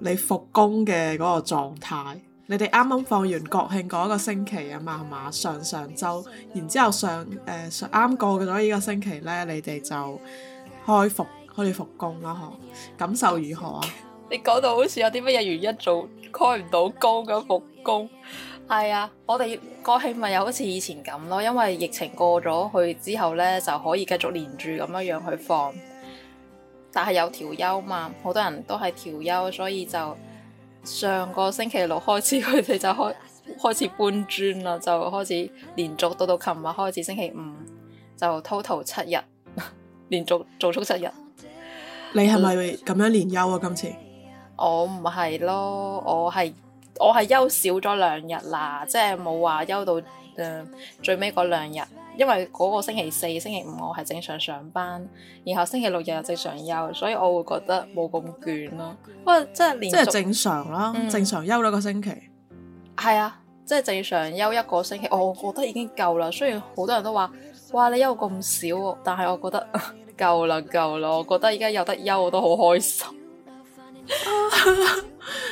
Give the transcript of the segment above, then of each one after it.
你復工嘅嗰個狀態，你哋啱啱放完國慶嗰一個星期啊嘛，係嘛，上上周，然之後上誒啱、呃、過咗呢個星期咧，你哋就開復開始復工啦嗬？感受如何啊？你講到好似有啲乜嘢原因做開唔到工嘅復工？係啊，我哋國慶咪又好似以前咁咯，因為疫情過咗去之後咧，就可以繼續連住咁樣樣去放。但係有調休嘛，好多人都係調休，所以就上個星期六開始，佢哋就開始開始搬磚啦，就開始連續到到琴日開始星期五，就 total 七日 連續做足七日。你係咪咁樣連休啊？嗯、今次我唔係咯，我係我係休少咗兩日啦，即係冇話休到誒、呃、最尾嗰兩日。因為嗰個星期四、星期五我係正常上班，然後星期六日正常休，所以我會覺得冇咁倦咯。不過即係連續即係正常啦，嗯、正常休咗個星期。係啊，即、就、係、是、正常休一個星期，我覺得已經夠啦。雖然好多人都話：哇，你休咁少喎，但係我覺得夠啦，夠 啦。我覺得而家有得休我都好開心。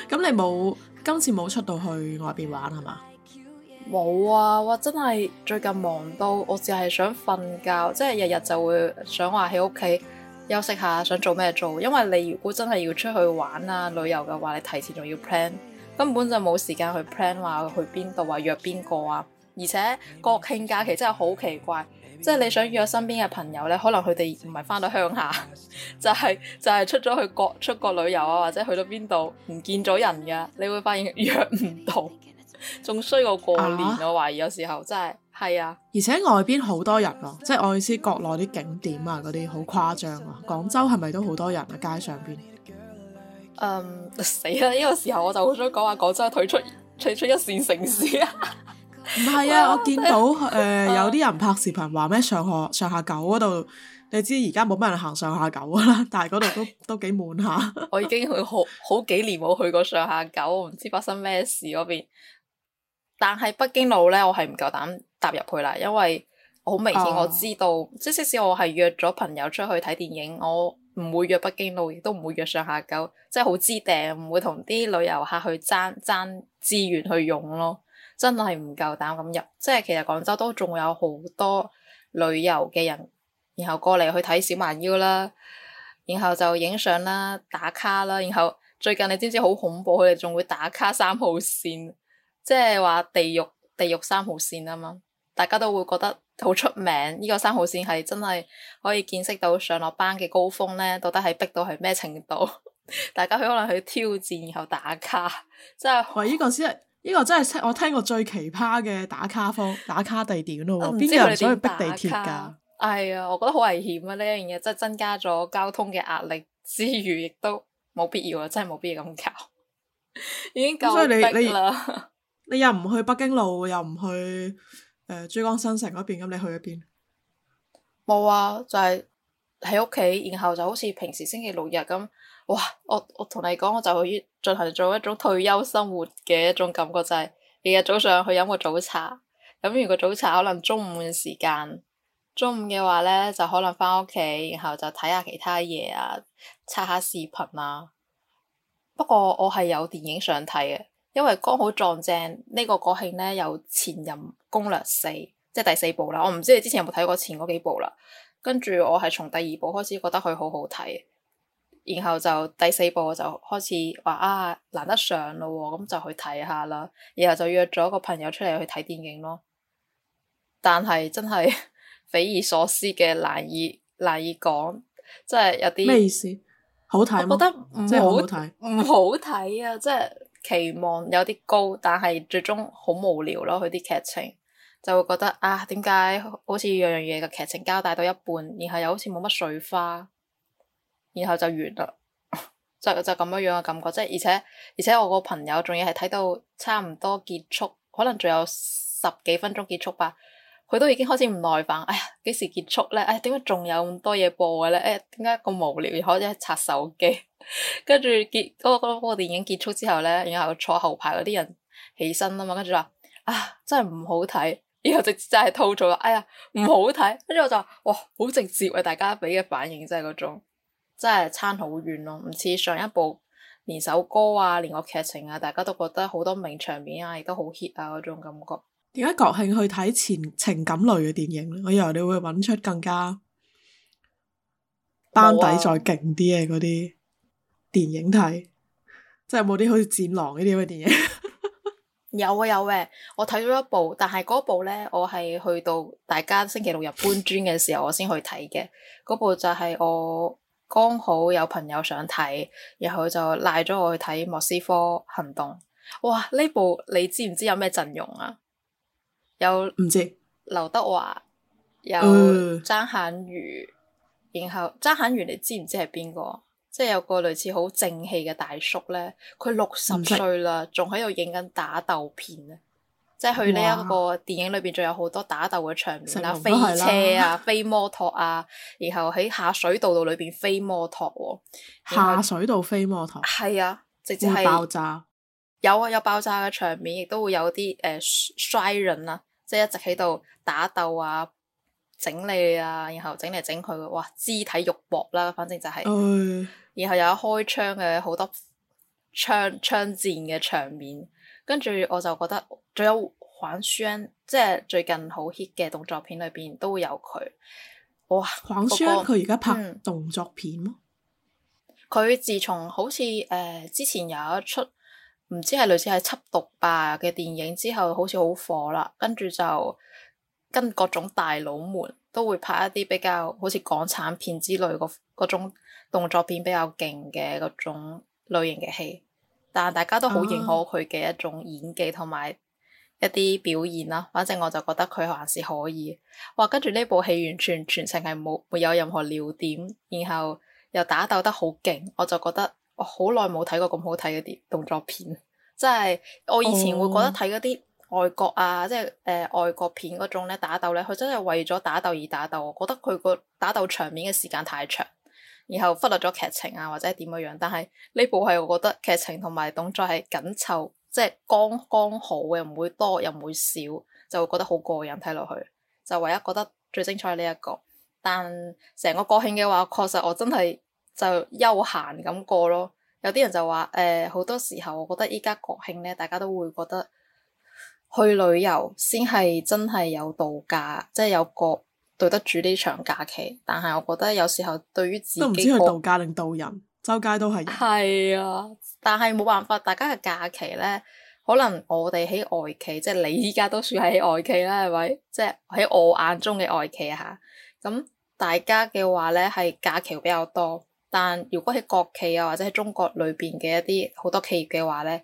咁 你冇今次冇出到去外邊玩係嘛？冇啊！哇，我真係最近忙到，我只係想瞓覺，即係日日就會想話喺屋企休息下，想做咩做。因為你如果真係要出去玩啊、旅遊嘅話，你提前仲要 plan，根本就冇時間去 plan 話、啊、去邊度、啊、約邊個啊！而且國慶假期真係好奇怪，即係你想約身邊嘅朋友呢，可能佢哋唔係翻到鄉下， 就係、是、就係、是、出咗去國出國旅遊啊，或者去到邊度唔見咗人噶，你會發現約唔到。仲衰過過年，啊、我懷疑有時候真係係啊！而且外邊好多人啊，即係我意思國內啲景點啊，嗰啲好誇張啊！廣州係咪都好多人啊？街上邊？嗯，死啦！呢、呢個時候我就好想講話廣州退出退出一線城市 啊！唔係啊，我見到誒、 呃、有啲人拍視頻話咩？上下上下九嗰度，你知而家冇乜人行上下九啦，但係嗰度都 都，都幾悶下、啊。我已經去好好幾年冇去過上下九，唔知發生咩事嗰邊。但係北京路咧，我係唔夠膽踏入去啦，因為好明顯我知道，oh. 即即使我係約咗朋友出去睇電影，我唔會約北京路，亦都唔會約上下九，即係好知訂，唔會同啲旅遊客去爭爭資源去用咯，真係唔夠膽咁入。即係其實廣州都仲有好多旅遊嘅人，然後過嚟去睇小蠻腰啦，然後就影相啦、打卡啦，然後最近你知唔知好恐怖？佢哋仲會打卡三號線。即係話地獄地獄三號線啊嘛，大家都會覺得好出名。呢、這個三號線係真係可以見識到上落班嘅高峰呢，到底係逼到係咩程度？ 大家可能去挑戰，然後打卡，即係。喂！依、這個先係呢個真係我聽過最奇葩嘅打卡方打卡地點咯。邊 有人想去逼地鐵㗎？係啊，我覺得好危險啊！呢樣嘢真係增加咗交通嘅壓力之餘，亦都冇必要啊！真係冇必要咁搞，已經夠逼啦。 你又唔去北京路，又唔去、呃、珠江新城嗰邊，咁你去咗邊？冇啊，就係喺屋企，然後就好似平時星期六日咁。哇！我我同你講，我就去進行做一種退休生活嘅一種感覺，就係日日早上去飲個早茶，飲完個早茶可能中午嘅時間，中午嘅話呢，就可能返屋企，然後就睇下其他嘢啊，刷下視頻啊。不過我係有電影想睇嘅。因為剛好撞正呢、呢個國慶呢，有前任攻略四，即係第四部啦。我唔知你之前有冇睇過前嗰幾部啦。跟住我係從第二部開始覺得佢好好睇，然後就第四部我就開始話啊難得上咯，咁、嗯、就去睇下啦。然後就約咗個朋友出嚟去睇電影咯。但係真係 匪夷所思嘅，難以難以講，真係有啲咩意思？好睇，我覺得唔、嗯、好睇，唔好睇啊！即、嗯、係。 期望有啲高，但係最終好無聊咯。佢啲劇情就會覺得啊，點解好似樣樣嘢嘅劇情交代到一半，然後又好似冇乜水花，然後就完啦， 就就咁樣樣嘅感覺。即係而且而且我個朋友仲要係睇到差唔多結束，可能仲有十幾分鐘結束吧。佢都已經開始唔耐煩，哎呀，幾時結束咧？哎呀，點解仲有咁多嘢播嘅咧？哎呀，點解咁無聊又開始刷手機？跟住結嗰個嗰、嗰個、電影結束之後咧，然後坐後排嗰啲人起身啊嘛，跟住話啊，真係唔好睇。然後直接就係吐槽哎呀，唔好睇。跟住我就話，哇，好直接啊！大家畀嘅反應真係嗰種，真係差好遠咯，啊，唔似上一部連首歌啊，連個劇情啊，大家都覺得好多名場面啊，亦都好 hit 啊嗰種感覺。點解國慶去睇前情感類嘅電影？我以為你會揾出更加班底再勁啲嘅嗰啲電影睇，即係冇啲好似《戰狼》呢啲咁嘅電影。 有啊有嘅，啊，我睇咗一部，但係嗰部呢，我係去到大家星期六日搬磚嘅時候我，我先去睇嘅嗰部就係我剛好有朋友想睇，然後就賴咗我去睇《莫斯科行動》。哇！呢部你知唔知有咩陣容啊？有唔知劉德華，有張涵予，然後張涵予你知唔知係邊個？即係有個類似好正氣嘅大叔咧，佢六十歲啦，仲喺度影緊打鬥片啊！即係去呢一個電影裏邊，仲有好多打鬥嘅場面啦，飛車啊，飛摩托啊，然後喺下水道度裏邊飛摩托，下水道飛摩托，係啊，直接係爆炸。有啊，有爆炸嘅場面，亦都會有啲誒摔潤啊，呃、iren, 即係一直喺度打鬥啊、整理啊，然後整嚟整去，嘅。哇！肢體肉搏啦，反正就係、是，呃、然後又有開槍嘅好多槍槍戰嘅場面。跟住我就覺得，仲有黃雙，即係最近好 hit 嘅動作片裏邊都會有佢。哇！黃雙佢而家拍動作片囉？佢、嗯、自從好似誒、呃、之前有一出。唔知係類似係緝毒霸嘅電影之後，好似好火啦，跟住就跟各種大佬們都會拍一啲比較好似港產片之類嗰種動作片比較勁嘅嗰種類型嘅戲，但大家都好認可佢嘅一種演技同埋一啲表現啦。Oh. 反正我就覺得佢還是可以。哇，跟住呢部戲完全全程係冇，沒，沒有任何尿點，然後又打鬥得好勁，我就覺得。我好耐冇睇過咁好睇嘅啲動作片，即係我以前會覺得睇嗰啲外國啊，即係誒、呃、外國片嗰種咧打鬥咧，佢真係為咗打鬥而打鬥，我覺得佢個打鬥場面嘅時間太長，然後忽略咗劇情啊或者點樣。但係呢部係我覺得劇情同埋動作係緊湊，即係剛剛好嘅，又唔會多又唔會少，就會覺得好過癮睇落去。就唯一覺得最精彩呢一個。但成個國慶嘅話，確實我真係。就休閒咁過咯。有啲人就話誒，好多時候我覺得依家國慶呢，大家都會覺得去旅遊先係真係有度假，即係有個對得住呢場假期。但係我覺得有時候對於自己，都唔知去度假定度人，周街都係。係啊，但係冇辦法，大家嘅假期呢，可能我哋喺外企，即係你依家都算係喺外企啦，係咪？即係喺我眼中嘅外企啊，嚇。咁大家嘅話呢，係假期比較多。但如果喺國企啊，或者喺中國裏邊嘅一啲好多企業嘅話呢，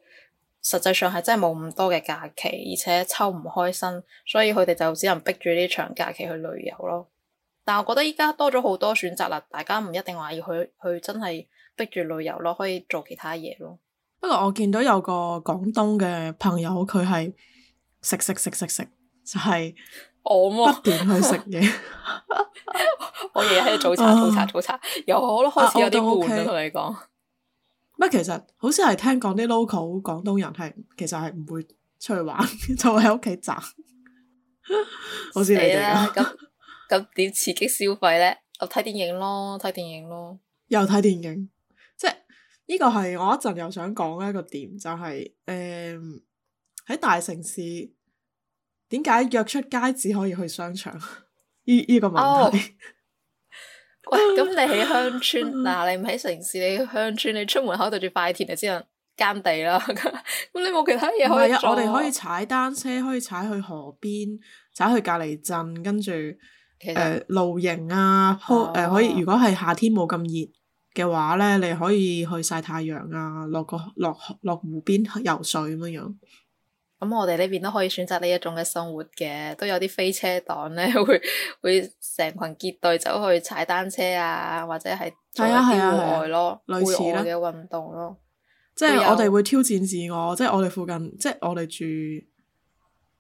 實際上係真係冇咁多嘅假期，而且抽唔開心，所以佢哋就只能逼住呢長假期去旅遊咯。但我覺得依家多咗好多選擇啦，大家唔一定話要去去真係逼住旅遊咯，可以做其他嘢咯。不過我見到有個廣東嘅朋友，佢係食、食食食食食，就係、是。我冇不斷去食嘢， 我日日喺度早茶、早茶、早茶，又好咯。開始有啲悶啦。同、啊、你講，不其實好似係聽講啲 local 廣東人係，其實係唔會出去玩，就會喺屋企宅。 好似你哋咁咁點刺激消費咧？我睇電影咯，睇電影咯，又睇電影。即係呢、這個係我一陣又想講一個點，就係誒喺大城市。點解約出街只可以去商場？呢 呢個問題。Oh. 喂，咁你喺鄉村、啊，嗱， 你唔喺城市，你鄉村，你出門口對住快田知 你知啦，耕地啦。咁你冇其他嘢可以做、啊。我哋可以踩單車，可以踩去河邊，踩去隔籬鎮，跟住誒露營啊，鋪誒、呃、可以。如果係夏天冇咁熱嘅話咧，你可以去曬太陽啊，落個落落湖邊去游水咁樣樣。咁、嗯、我哋呢邊都可以選擇呢一種嘅生活嘅，都有啲飛車黨咧，會會成群結隊走去踩單車啊，或者係做啲戶外咯，對對對，類似嘅運動咯。即係會有我哋會挑戰自我，即係我哋附近，即係我哋住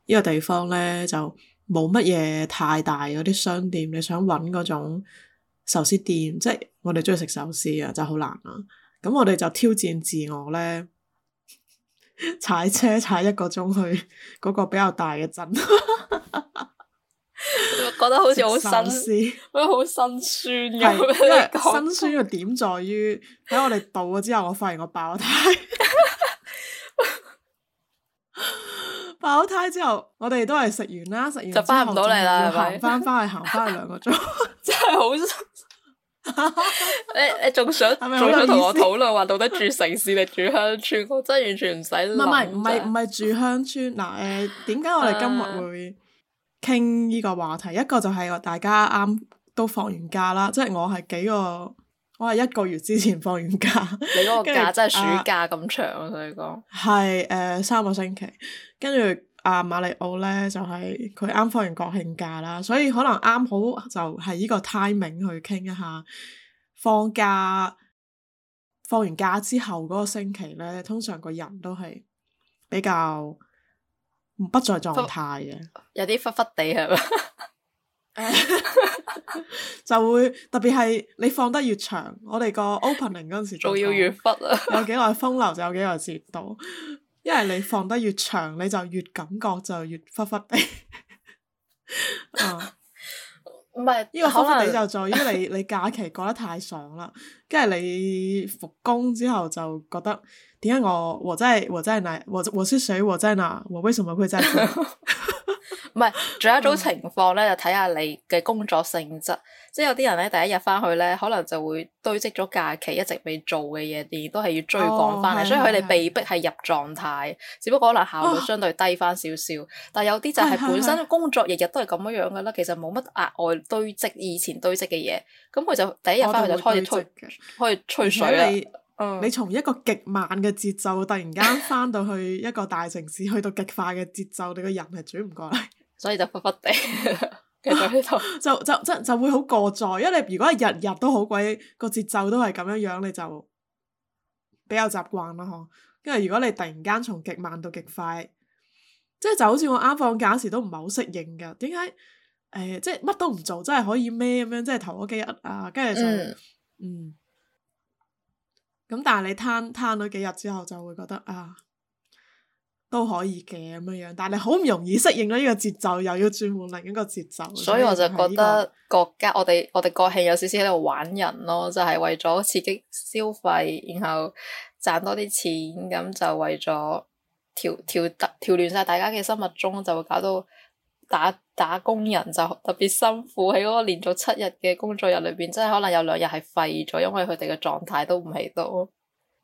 呢個地方咧，就冇乜嘢太大嗰啲商店。你想揾嗰種壽司店，即係我哋中意食壽司啊，就好難啦。咁我哋就挑戰自我咧。踩車踩一個鐘去嗰個比較大嘅鎮，覺得好似好新鮮，覺得好辛酸嘅。辛酸嘅點在於喺我哋到咗之後，我發現我爆胎。 爆胎之後，我哋都係食完啦，食完就翻唔到嚟啦，行翻翻去行翻兩個鐘， 真係好。 你你仲想仲想同我討論話到底住城市定住鄉村？ 我真係完全唔使諗。唔係唔係唔係住鄉村嗱。誒、 啊，點解我哋今日會傾呢個話題？啊、一個就係大家啱都放完假啦，即、就、係、是、我係幾個，我係一個月之前放完假。你嗰個假 後、啊、真係暑假咁長，我同你講，係誒三個星期，跟住。阿、啊、瑪利奧咧就係佢啱放完國慶假啦，所以可能啱好就係、是、呢個 timing 去傾一下放假放完假之後嗰個星期咧，通常個人都係比較不在狀態嘅，有啲忽忽地係嘛， 就會特別係你放得越長，我哋個 opening 嗰時仲要越忽啊， 有幾耐風流就有幾耐折墮。因為你放得越長，你就越感覺就越攰攰地，啊、 uh, 是，唔係呢個攰攰地就在於你你假期過得太爽啦，跟 住 你復工之後就覺得點解我我真係我真係奶，我我出水我真係我為什麼會在？唔 係， 仲有一種情況咧，就睇下你嘅工作性質。即係有啲人咧，第一日翻去咧，可能就會堆積咗假期一直未做嘅嘢，而都係要追趕翻嚟，哦、所以佢哋被逼係入狀態，只不過可能效率相對低翻少少。哦、但係有啲就係本身工作日日都係咁樣樣噶啦，的其實冇乜額外堆積以前堆積嘅嘢，咁佢就第一日翻去就開始吹開始吹水。你、嗯、你從一個極慢嘅節奏，突然間翻到去一個大城市， 去到極快嘅節奏，你個人係轉唔過嚟，所以就忽忽地。 就就就就會好過載，因為你如果係日日都好鬼個節奏都係咁樣樣，你就比較習慣啦，嗬。跟住如果你突然間從極慢到極快，即、就、係、是、就好似我啱放假嗰時都唔係好適應㗎。點解？誒、呃，即係乜都唔做，真係可以咩咁樣？即係頭嗰幾日啊，跟住就嗯。咁、嗯、但係你攤攤咗幾日之後，就會覺得啊，都可以嘅咁樣樣，但你好唔容易適應咗呢、這個節奏，又要轉換另一個節奏。所以我就覺得、這個、國家，我哋我哋國慶有少少喺度玩人咯，就係、是、為咗刺激消費，然後賺多啲錢，咁就為咗調調調調亂曬大家嘅生物鐘，就會搞到打打工人就特別辛苦，喺嗰個連續七日嘅工作日裏邊，真、就、係、是、可能有兩日係廢咗，因為佢哋嘅狀態都唔喺度，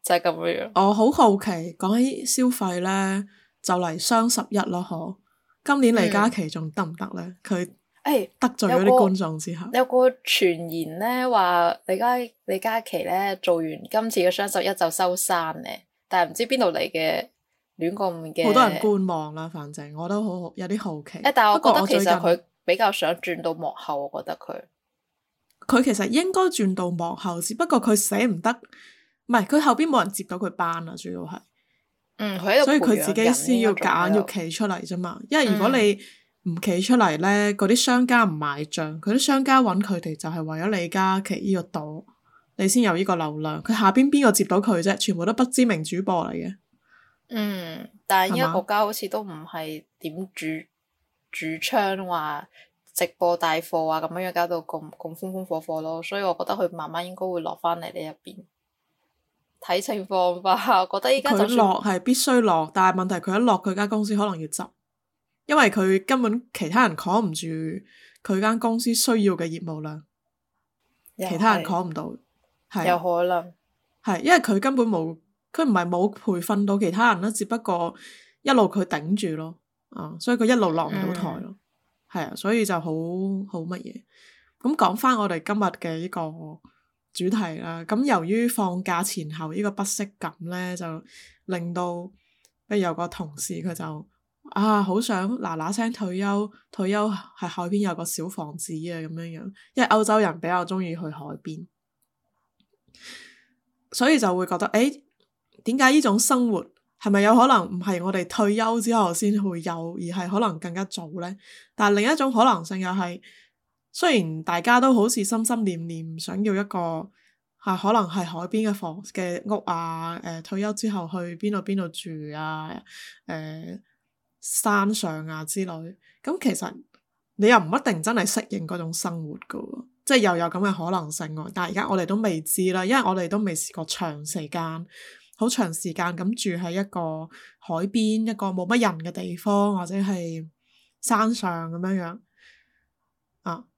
就係咁樣樣。我好好奇，講起消費咧。就嚟雙十一咯，嗬！今年李佳琦仲得唔得咧？佢誒得罪咗啲觀眾之後，有個傳言咧話李佳李佳琦咧做完今次嘅雙十一就收山咧，但係唔知邊度嚟嘅亂過咁嘅，好多人觀望啦。反正我都好好有啲好奇。哎，但係我覺得我其實佢比較想轉到幕後，我覺得佢佢其實應該轉到幕後，只不過佢捨唔得，唔係佢後邊冇人接到佢班啦，主要係。嗯，所以佢自己先要夾硬，硬要企出嚟啫嘛，嗯、因為如果你唔企出嚟咧，嗰啲商家唔買賬，佢啲商家揾佢哋就係為咗李佳琦呢個檔，你先有呢個流量，佢下邊邊個接到佢啫？全部都不知名主播嚟嘅。嗯，但係而家國家好似都唔係點主主槍話直播帶貨啊，咁樣樣搞到咁咁風風火火咯，所以我覺得佢慢慢應該會落翻嚟呢一邊。睇情況吧，我覺得依家佢落係必須落，但係問題佢一落，佢間公司可能要執，因為佢根本其他人扛唔住，佢間公司需要嘅業務量，其他人扛唔到，係有可能係，因為佢根本冇，佢唔係冇培訓到其他人啦，只不過一路佢頂住咯，啊，所以佢一路落唔到台咯，係啊的，所以就好好乜嘢，咁講翻我哋今日嘅呢個。主題啦，咁由於放假前後呢個不適感呢，就令到，有個同事佢就啊，好想嗱嗱聲退休，退休喺海邊有個小房子啊，咁樣樣，因為歐洲人比較中意去海邊，所以就會覺得，「誒點解呢種生活係咪有可能唔係我哋退休之後先會有，而係可能更加早呢？」但另一種可能性又係。雖然大家都好似心心念念想要一個，係可能係海邊嘅房嘅屋啊，誒、呃、退休之後去邊度邊度住啊，誒、呃、山上啊之類，咁其實你又唔一定真係適應嗰種生活噶，即係又有咁嘅可能性喎、啊。但係而家我哋都未知啦，因為我哋都未試過長時間，好長時間咁住喺一個海邊一個冇乜人嘅地方，或者係山上咁樣樣，啊。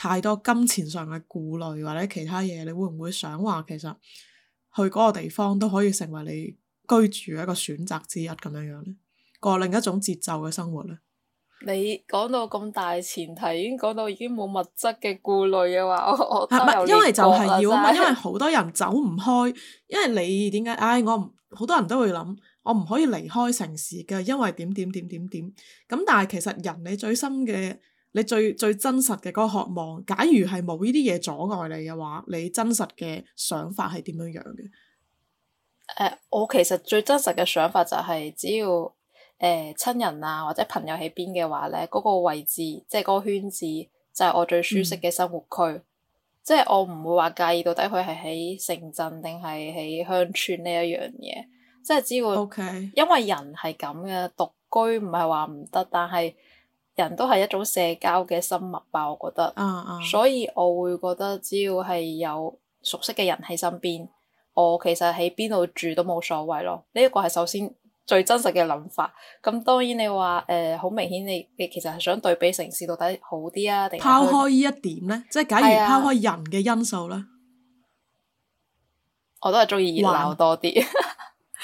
太多金錢上嘅顧慮或者其他嘢，你會唔會想話其實去嗰個地方都可以成為你居住一個選擇之一咁樣樣咧，過另一種節奏嘅生活咧？你講到咁大前提，已經講到已經冇物質嘅顧慮嘅話，我我唔係因為就係要啊嘛，因為好多人走唔開，因為你點解？唉、哎，我唔，好多人都會諗，我唔可以離開城市嘅，因為點點點點點。咁但係其實人你最深嘅。你最最真實嘅嗰個渴望，假如係冇呢啲嘢阻礙你嘅話，你真實嘅想法係點樣樣嘅？Uh, 我其實最真實嘅想法就係只要誒、呃、親人啊或者朋友喺邊嘅話呢嗰、嗰個位置即係嗰個圈子就係我最舒適嘅生活區，嗯、即係我唔會話介意到底佢係喺城鎮定係喺鄉村呢一樣嘢，即係只要 Okay. 因為人係咁嘅，獨居唔係話唔得，但係。人都係一種社交嘅生物吧，我覺得，uh, uh, 所以我會覺得只要係有熟悉嘅人喺身邊，我其實喺邊度住都冇所謂咯。呢、這、一個係首先最真實嘅諗法。咁當然你話誒，好、呃、明顯你你其實係想對比城市到底好啲啊？定拋開呢一點呢？即係假如拋開人嘅因素呢？我都係中意熱鬧多啲。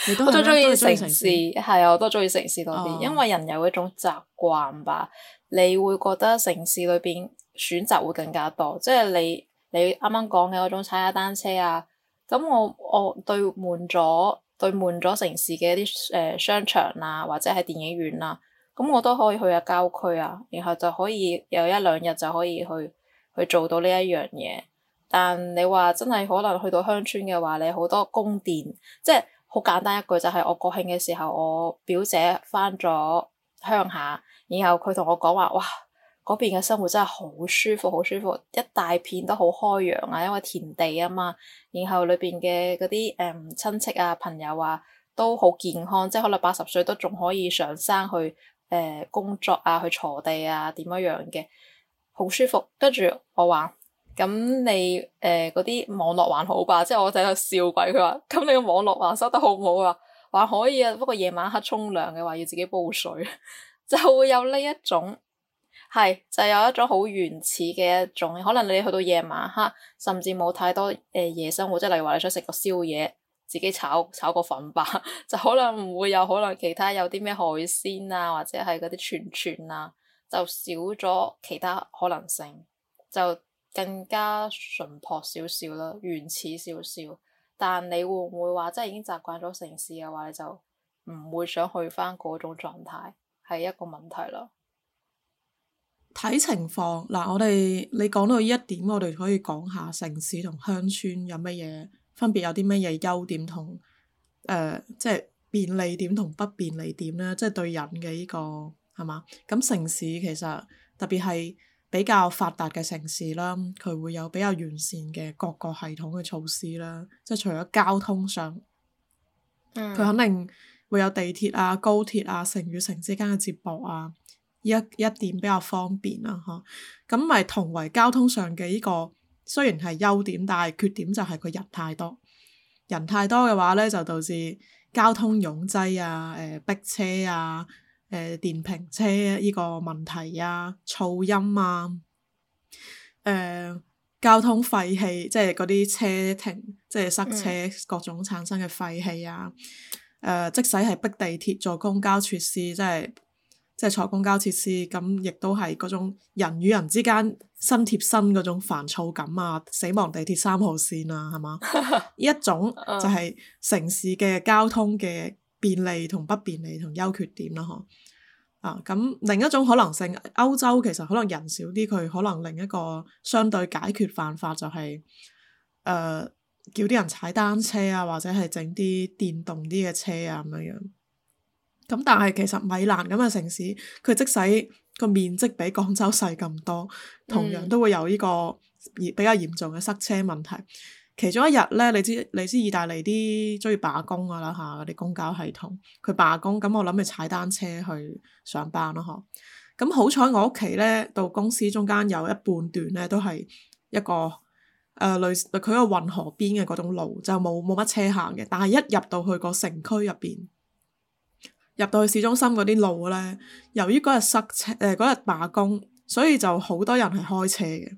你我都中意城市，係啊，我都中意城市多啲，oh. 因為人有一種習慣吧，你會覺得城市裏邊選擇會更加多，即係你你啱啱講嘅嗰種踩下單車啊，咁我我對滿咗對滿咗城市嘅一啲誒、呃、商場啊，或者係電影院啊，咁我都可以去下郊區啊，然後就可以有一兩日就可以去去做到呢一樣嘢，但你話真係可能去到鄉村嘅話，你好多供電，即係。好簡單一句就係、是、我國慶嘅時候，我表姐翻咗鄉下，然後佢同我講話，哇嗰邊嘅生活真係好舒服，好舒服，一大片都好開揚啊，因為田地啊嘛，然後裏邊嘅嗰啲誒親戚啊朋友啊都好健康，即係可能八十歲都仲可以上山去誒、呃、工作啊，去鋤地啊點樣樣嘅，好舒服。跟住我話。咁你誒嗰啲網絡還好吧？即係我就喺度笑鬼，佢話：咁你個網絡還收得好唔好啊？還可以啊，不過夜晚黑沖涼嘅話要自己煲水， 就會有呢一種係就係、有一種好原始嘅一種。可能你去到夜晚黑，甚至冇太多誒、呃、夜生活，即係例如話你想食個宵夜，自己炒炒個粉吧， 就可能唔會有可能其他有啲咩海鮮啊，或者係嗰啲串串啊，就少咗其他可能性就。更加淳樸少少啦，原始少少。但你會唔會話即係已經習慣咗城市嘅話，你就唔會想去翻嗰種狀態，係一個問題咯。睇情況，嗱，我哋你講到呢一點，我哋可以講下城市同鄉村有乜嘢分別，有啲乜嘢優點同誒、呃、即係便利點同不便利點咧，即係對人嘅呢、這個，係嘛？咁城市其實特別係。比較發達嘅城市啦，佢會有比較完善嘅各個系統嘅措施啦。即係除咗交通上，佢、嗯、肯定會有地鐵啊、高鐵啊、城與城之間嘅接駁啊，一一點比較方便啦，嚇。咁咪同為交通上嘅呢個，雖然係優點，但係缺點就係佢人太多。人太多嘅話咧，就導致交通擁擠啊、誒、呃、逼車啊。誒、呃，電瓶車呢個問題啊，噪音啊，誒、呃，交通廢氣，即係嗰啲車停，即係塞車，各種產生嘅廢氣啊，誒、嗯呃，即使係逼地鐵、坐公交設施，即係即係坐公交設施，咁亦都係嗰種人與人之間身貼身嗰種煩躁感啊，死亡地鐵三號線啊，係嘛？ 一種就係城市嘅交通嘅。便利同不便利同優缺點囉，嗬，啊咁另一種可能性，歐洲其實可能人少啲，佢可能另一個相對解決辦法就係、是、誒、呃、叫啲人踩單車啊，或者係整啲電動啲嘅車啊咁樣樣。咁但係其實米蘭咁嘅城市，佢即使個面積比廣州細咁多，同樣都會有呢個比較嚴重嘅塞車問題。其中一日咧，你知你知意大利啲鍾意罷工噶啦嚇，嗰啲公交系統佢罷工，咁我諗住踩單車去上班咯嗬，咁好彩我屋企咧到公司中間有一半段咧都係一個誒、呃、類佢個運河邊嘅嗰種路，就冇冇乜車行嘅。但係一入到去個城區入邊，入到去市中心嗰啲路咧，由於嗰日塞車誒，嗰、呃、日罷工，所以就好多人係開車嘅。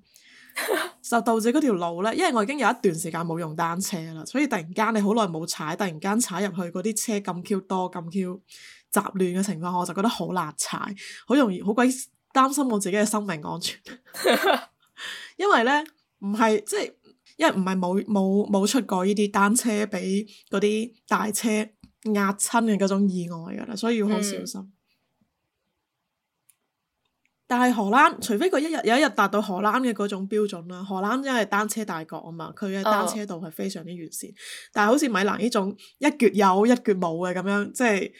就導致嗰條路咧，因為我已經有一段時間冇用單車啦，所以突然間你好耐冇踩，突然間踩入去嗰啲車咁 Q 多、咁 Q 雜亂嘅情況，我就覺得好難踩，好容易好鬼擔心我自己嘅生命安全， 因為咧唔係即係，因為唔係冇冇冇出過呢啲單車俾嗰啲大車壓親嘅嗰種意外噶啦，所以要好小心。嗯但係荷蘭，除非佢一日有一日達到荷蘭嘅嗰種標準啦。荷蘭因為單車大國啊嘛，佢嘅單車道係非常之完善。哦、但係好似米蘭呢種一撅有，一撅冇嘅咁樣，即係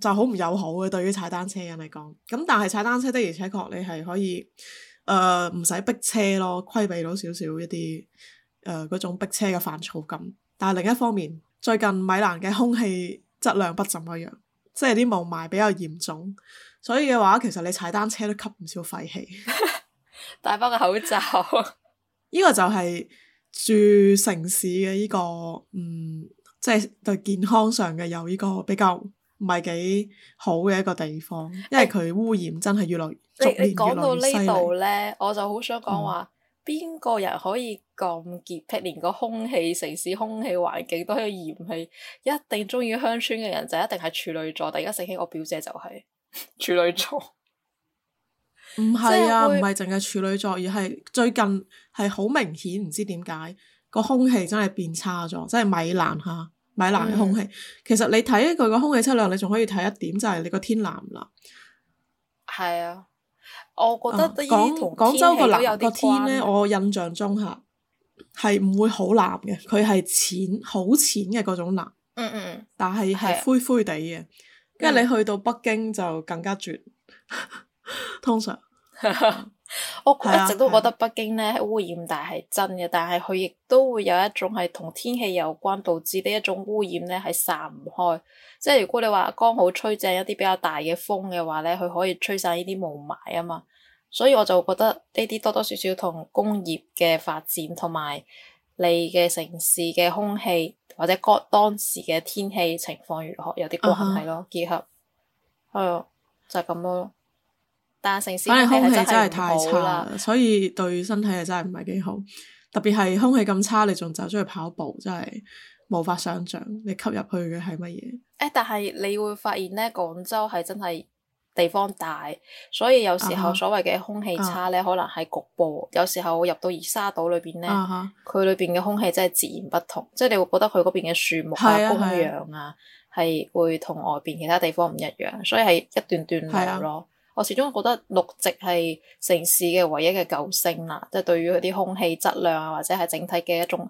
就好唔友好嘅對於踩單車人嚟講。咁但係踩單車的而且確你係可以，誒唔使逼車咯，規避到少少一啲誒嗰種逼車嘅煩躁感。但係另一方面，最近米蘭嘅空氣質量不怎麼樣，即係啲霧霾比較嚴重。所以嘅話，其實你踩單車都吸唔少廢氣， 戴翻個口罩。呢 個就係住城市嘅呢、這個，嗯，即、就、係、是、對健康上嘅有呢個比較唔係幾好嘅一個地方，因為佢污染真係越來越。你講到呢度咧，我就好想講話，邊、嗯、個人可以咁潔癖，連個空氣、城市空氣環境都可以嫌棄，一定中意鄉村嘅人就一定係處女座。而家醒起我表姐就係、是。處女座唔係啊，唔係淨係處女座，而係最近係好明顯，唔知點解個空氣真係變差咗，真係米蘭吓，米蘭嘅空氣。嗯、其實你睇佢個空氣質量，你仲可以睇一點就係、是、你個天藍唔藍？係啊，我覺得廣廣、嗯、天州個藍個天咧，我印象中吓係唔會好藍嘅，佢係淺好淺嘅嗰種藍。嗯嗯，但係係灰灰地嘅。嗯因為你去到北京就更加絕， 通常 我一直都覺得北京咧污染大係真嘅，但係佢亦都會有一種係同天氣有關，導致呢一種污染咧係散唔開，即係如果你話剛好吹正一啲比較大嘅風嘅話咧，佢可以吹散呢啲霧霾啊嘛，所以我就覺得呢啲多多少少同工業嘅發展同埋。你嘅城市嘅空氣或者嗰當時嘅天氣情況如何，有啲關係咯，uh huh. 結合，誒、哎、就咁、係、咯。但係城市，反正空氣是真係太差，所以對身體係真係唔係幾好。特別係空氣咁差，你仲走出去跑步，真係無法想象你吸入去嘅係乜嘢。誒，但係你會發現咧，廣州係真係。地方大，所以有時候所謂嘅空氣差咧，uh huh. 可能係局部。有時候入到二沙島裏邊咧，佢、uh huh. 裏邊嘅空氣真係截然不同，即係你會覺得佢嗰邊嘅樹木啊、uh huh. 供養啊，係會同外邊其他地方唔一樣。所以係一段段煉咯。Uh huh. 我始終覺得綠植係城市嘅唯一嘅救星啦，即係對於佢啲空氣質量啊，或者係整體嘅一種誒、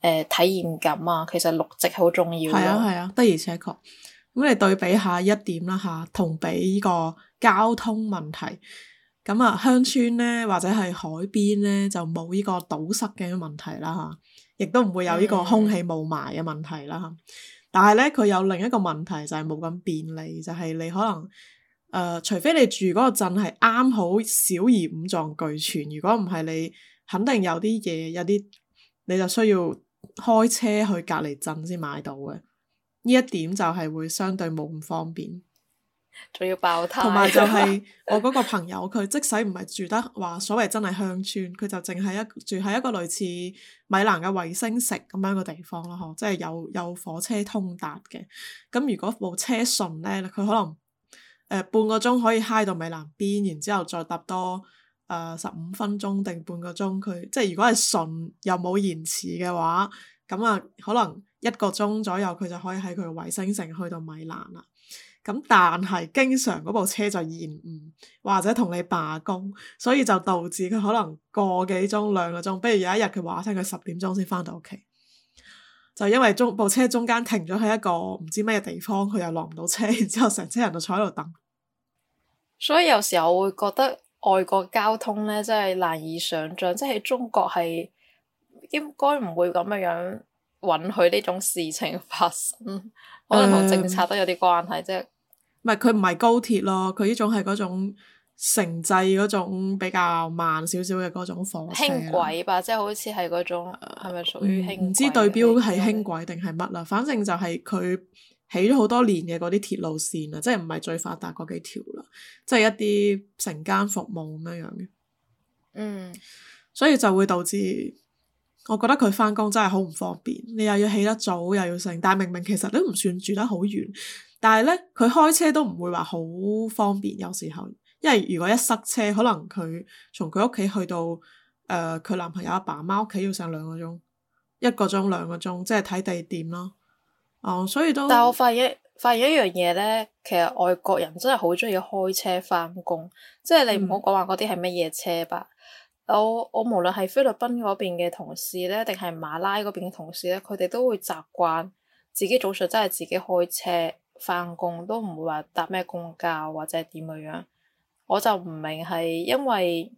呃、體驗感啊，其實綠植好重要。係啊係啊，的而且確。咁你對比下一點啦嚇，同比呢個交通問題，咁啊鄉村咧或者係海邊咧就冇呢個堵塞嘅問題啦嚇，亦都唔會有呢個空氣霧霾嘅問題啦嚇。但係咧佢有另一個問題就係冇咁便利，就係、是、你可能誒、呃，除非你住嗰個鎮係啱好小而五臟俱全，如果唔係你肯定有啲嘢有啲你就需要開車去隔離鎮先買到嘅。呢一點就係會相對冇咁方便，仲要爆胎。同埋就係我嗰個朋友，佢 即使唔係住得話，所謂真係鄉村，佢就淨係一住喺一個類似米蘭嘅衛星城咁樣嘅地方咯，嗬，即係有有火車通達嘅。咁如果部車順咧，佢可能誒、呃、半個鐘可以嗨到米蘭邊，然之後再搭多誒十五分鐘定半個鐘，佢即係如果係順又冇延遲嘅話。咁啊，可能一個鐘左右佢就可以喺佢衛星城去到米蘭啦。咁但係經常嗰部車就延誤，或者同你罷工，所以就導致佢可能個幾鐘兩個鐘。比如有一日佢話聲佢十點鐘先翻到屋企，就因為中部車中間停咗喺一個唔知咩地方，佢又落唔到車，然之後成車人就坐喺度等。所以有時候會覺得外國交通咧真係難以想象，即係中國係。應該唔會咁樣樣允許呢種事情發生，可能同政策都有啲關係即係，唔係佢唔係高鐵咯，佢呢種係嗰種城際嗰種比較慢少少嘅嗰種火車輕軌吧，即係好似係嗰種係咪屬於唔知對標係輕軌定係乜啦？反正就係佢起咗好多年嘅嗰啲鐵路綫啦，即係唔係最發達嗰幾條啦，即係一啲城間服務咁樣樣嘅。嗯，所以就會導致。我覺得佢翻工真係好唔方便，你又要起得早，又要醒。但係明明其實都唔算住得好遠，但係咧佢開車都唔會話好方便。有時候，因為如果一塞車，可能佢從佢屋企去到誒佢、呃、男朋友阿爸阿媽屋企要上兩個鐘，一個鐘兩個鐘，即係睇地點咯。哦、呃，所以都。但我發現發現一樣嘢咧，其實外國人真係好中意開車翻工，即係你唔好講話嗰啲係乜嘢車吧。嗯我我無論係菲律賓嗰邊嘅同事咧，定係馬拉嗰邊嘅同事咧，佢哋都會習慣自己早上真係自己開車翻工，都唔會話搭咩公交或者點嘅樣樣。我就唔明係因為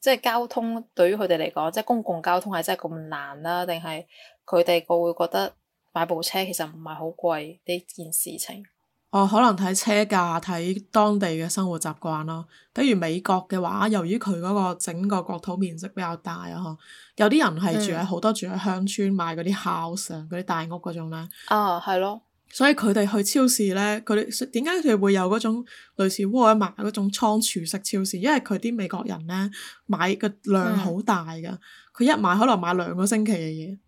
即係交通對於佢哋嚟講，即係公共交通係真係咁難啦，定係佢哋個會覺得買部車其實唔係好貴呢件事情。我、哦、可能睇車價，睇當地嘅生活習慣咯。比如美國嘅話，由於佢嗰個整個國土面積比較大啊，嗬，有啲人係住喺好、嗯、多住喺鄉村買嗰啲 house，嗰啲大屋嗰種咧。啊，係咯。所以佢哋去超市咧，佢哋點解佢會有嗰種類似沃爾瑪 l e m 嗰種倉儲式超市？因為佢啲美國人咧買嘅量好大㗎，佢、嗯、一買可能買兩個星期嘅嘢，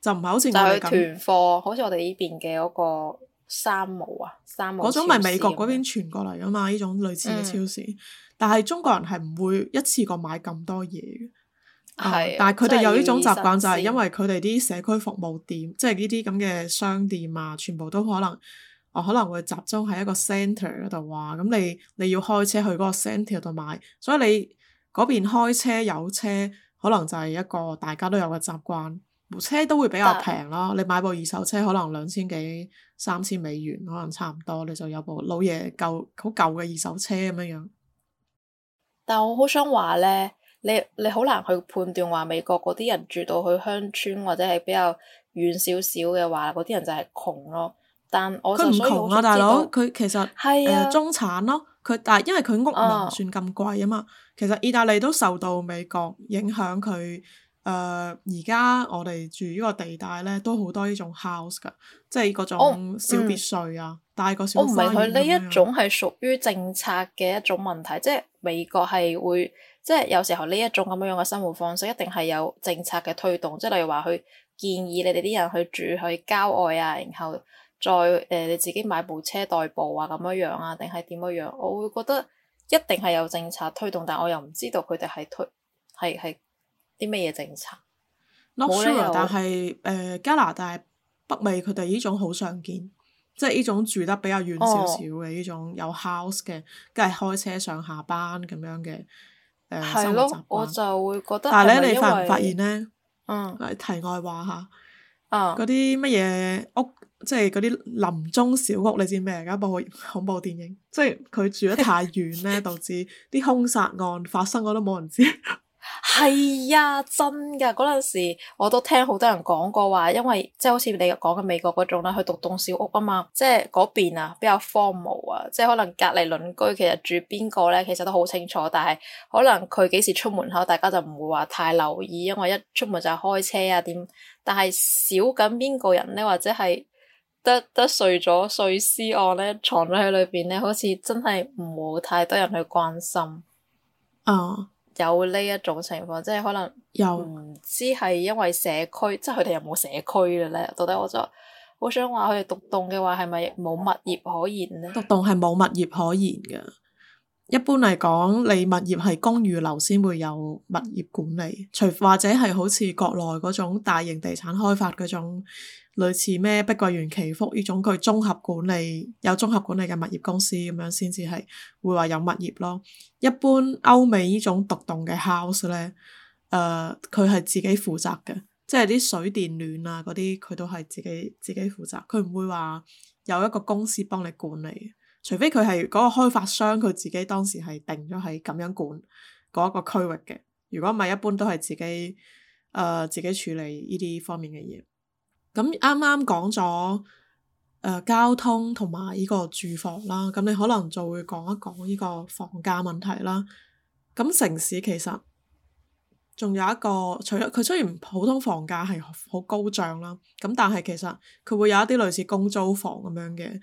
就唔係好似我哋咁。就貨，好似我哋呢邊嘅嗰、那個。山姆啊！山姆嗰種咪美國嗰邊傳過嚟噶嘛？呢、嗯、種類似嘅超市，但係中國人係唔會一次過買咁多嘢嘅。係、嗯。但係佢哋有呢種習慣，就係因為佢哋啲社區服務店，思即係呢啲咁嘅商店啊，全部都可能，哦、可能會集中喺一個 centre 嗰度哇。咁你你要開車去嗰個 centre 度買，所以你嗰邊開車有車，可能就係一個大家都有嘅習慣。部車都會比較平咯，但你買部二手車可能兩千幾三千美元，可能差唔多，你就有部老嘢舊好舊嘅二手車咁樣。但我好想話咧，你你好難去判斷話美國嗰啲人住到去鄉村或者係比較遠少少嘅話，嗰啲人就係窮咯。但我佢唔窮啊，大佬，佢其實係、啊呃、中產咯。佢但係因為佢屋唔算咁貴啊嘛，啊其實意大利都受到美國影響佢。誒而家我哋住呢個地帶咧，都好多呢種 house 㗎，即係嗰種小別墅啊，oh, 大個小、嗯。我唔係佢呢一種係屬於政策嘅一種問題，嗯、即係美國係會，即係有時候呢一種咁樣樣嘅生活方式一定係有政策嘅推動，即係例如話佢建議你哋啲人去住去郊外啊，然後再誒、呃、你自己買部車代步啊咁樣樣啊，定係點樣？我會覺得一定係有政策推動，但我又唔知道佢哋係推係係。啲咩嘢政策？冇咧。但係誒加拿大北美佢哋呢種好常見，即係呢種住得比較遠少少嘅呢種有 house 嘅，跟住開車上下班咁樣嘅誒生活習慣。係咯，我就會覺得。但係咧，你發唔發現咧？嗯。係題外話嚇。啊。嗰啲乜嘢屋？即係嗰啲林中小屋，你知咩？而家部恐怖電影，即係佢住得太遠咧，導致啲兇殺案發生，我都冇人知。係呀，真噶嗰陣時，我都聽好多人講過話，因為即係好似你講嘅美國嗰種啦，佢獨棟小屋啊嘛，即係嗰邊啊比較荒蕪啊，即係可能隔籬鄰居其實住邊個呢，其實都好清楚，但係可能佢幾時出門口，大家就唔會話太留意，因為一出門就係開車啊點，但係少緊邊個人呢，或者係得得碎咗碎屍案呢，藏咗喺裏邊呢，好似真係唔會太多人去關心啊。Uh. 有呢一種情況，即係可能又唔知係因為社區，有即係佢哋又冇社區嘅咧。到底我就好想話佢哋獨棟嘅話，係咪冇物業可言呢？獨棟係冇物業可言嘅。一般嚟講，你物業係公寓樓先會有物業管理，除或者係好似國內嗰種大型地產開發嗰種。類似咩碧桂園、祈福呢種，佢綜合管理，有綜合管理嘅物業公司咁樣先至係會話有物業咯。一般歐美呢種獨棟嘅 house 咧，誒佢係自己負責嘅，即係啲水電暖啊嗰啲佢都係自己自己負責，佢唔會話有一個公司幫你管理。除非佢係嗰個開發商，佢自己當時係定咗係咁樣管嗰一個區域嘅。如果唔係，一般都係自己誒、呃、自己處理呢啲方面嘅嘢。咁啱啱講咗誒交通同埋依個住房啦，咁你可能就會講一講呢個房價問題啦。咁城市其實仲有一個，除咗佢雖然普通房價係好高漲啦，咁但係其實佢會有一啲類似公租房咁樣嘅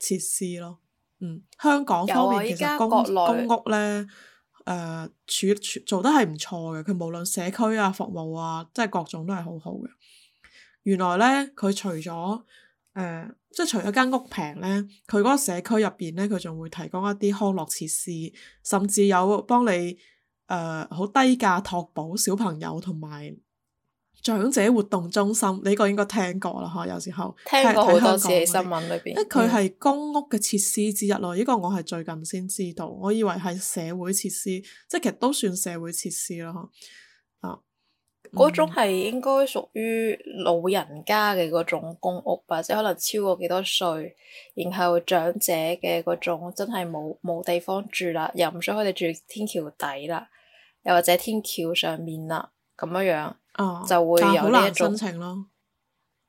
設施咯。嗯，香港方面其實公公屋咧誒、呃，處，處，處做得係唔錯嘅，佢無論社區啊、服務啊，即係各種都係好好嘅。原來咧，佢除咗誒、呃，即係除咗間屋平咧，佢嗰個社區入邊咧，佢仲會提供一啲康樂設施，甚至有幫你誒好、呃、低價托保小朋友同埋長者活動中心。你呢個應該聽過啦，嚇！有時候聽過好聽多次喺新聞裏邊，即佢係公屋嘅設施之一咯。呢、這個我係最近先知道，我以為係社會設施，即係其實都算社會設施咯，嚇。嗰種係應該屬於老人家嘅嗰種公屋，或者可能超過幾多歲，然後長者嘅嗰種真係冇冇地方住啦，又唔想佢哋住天橋底啦，又或者天橋上面啦，咁樣樣，啊，就會好難申請咯。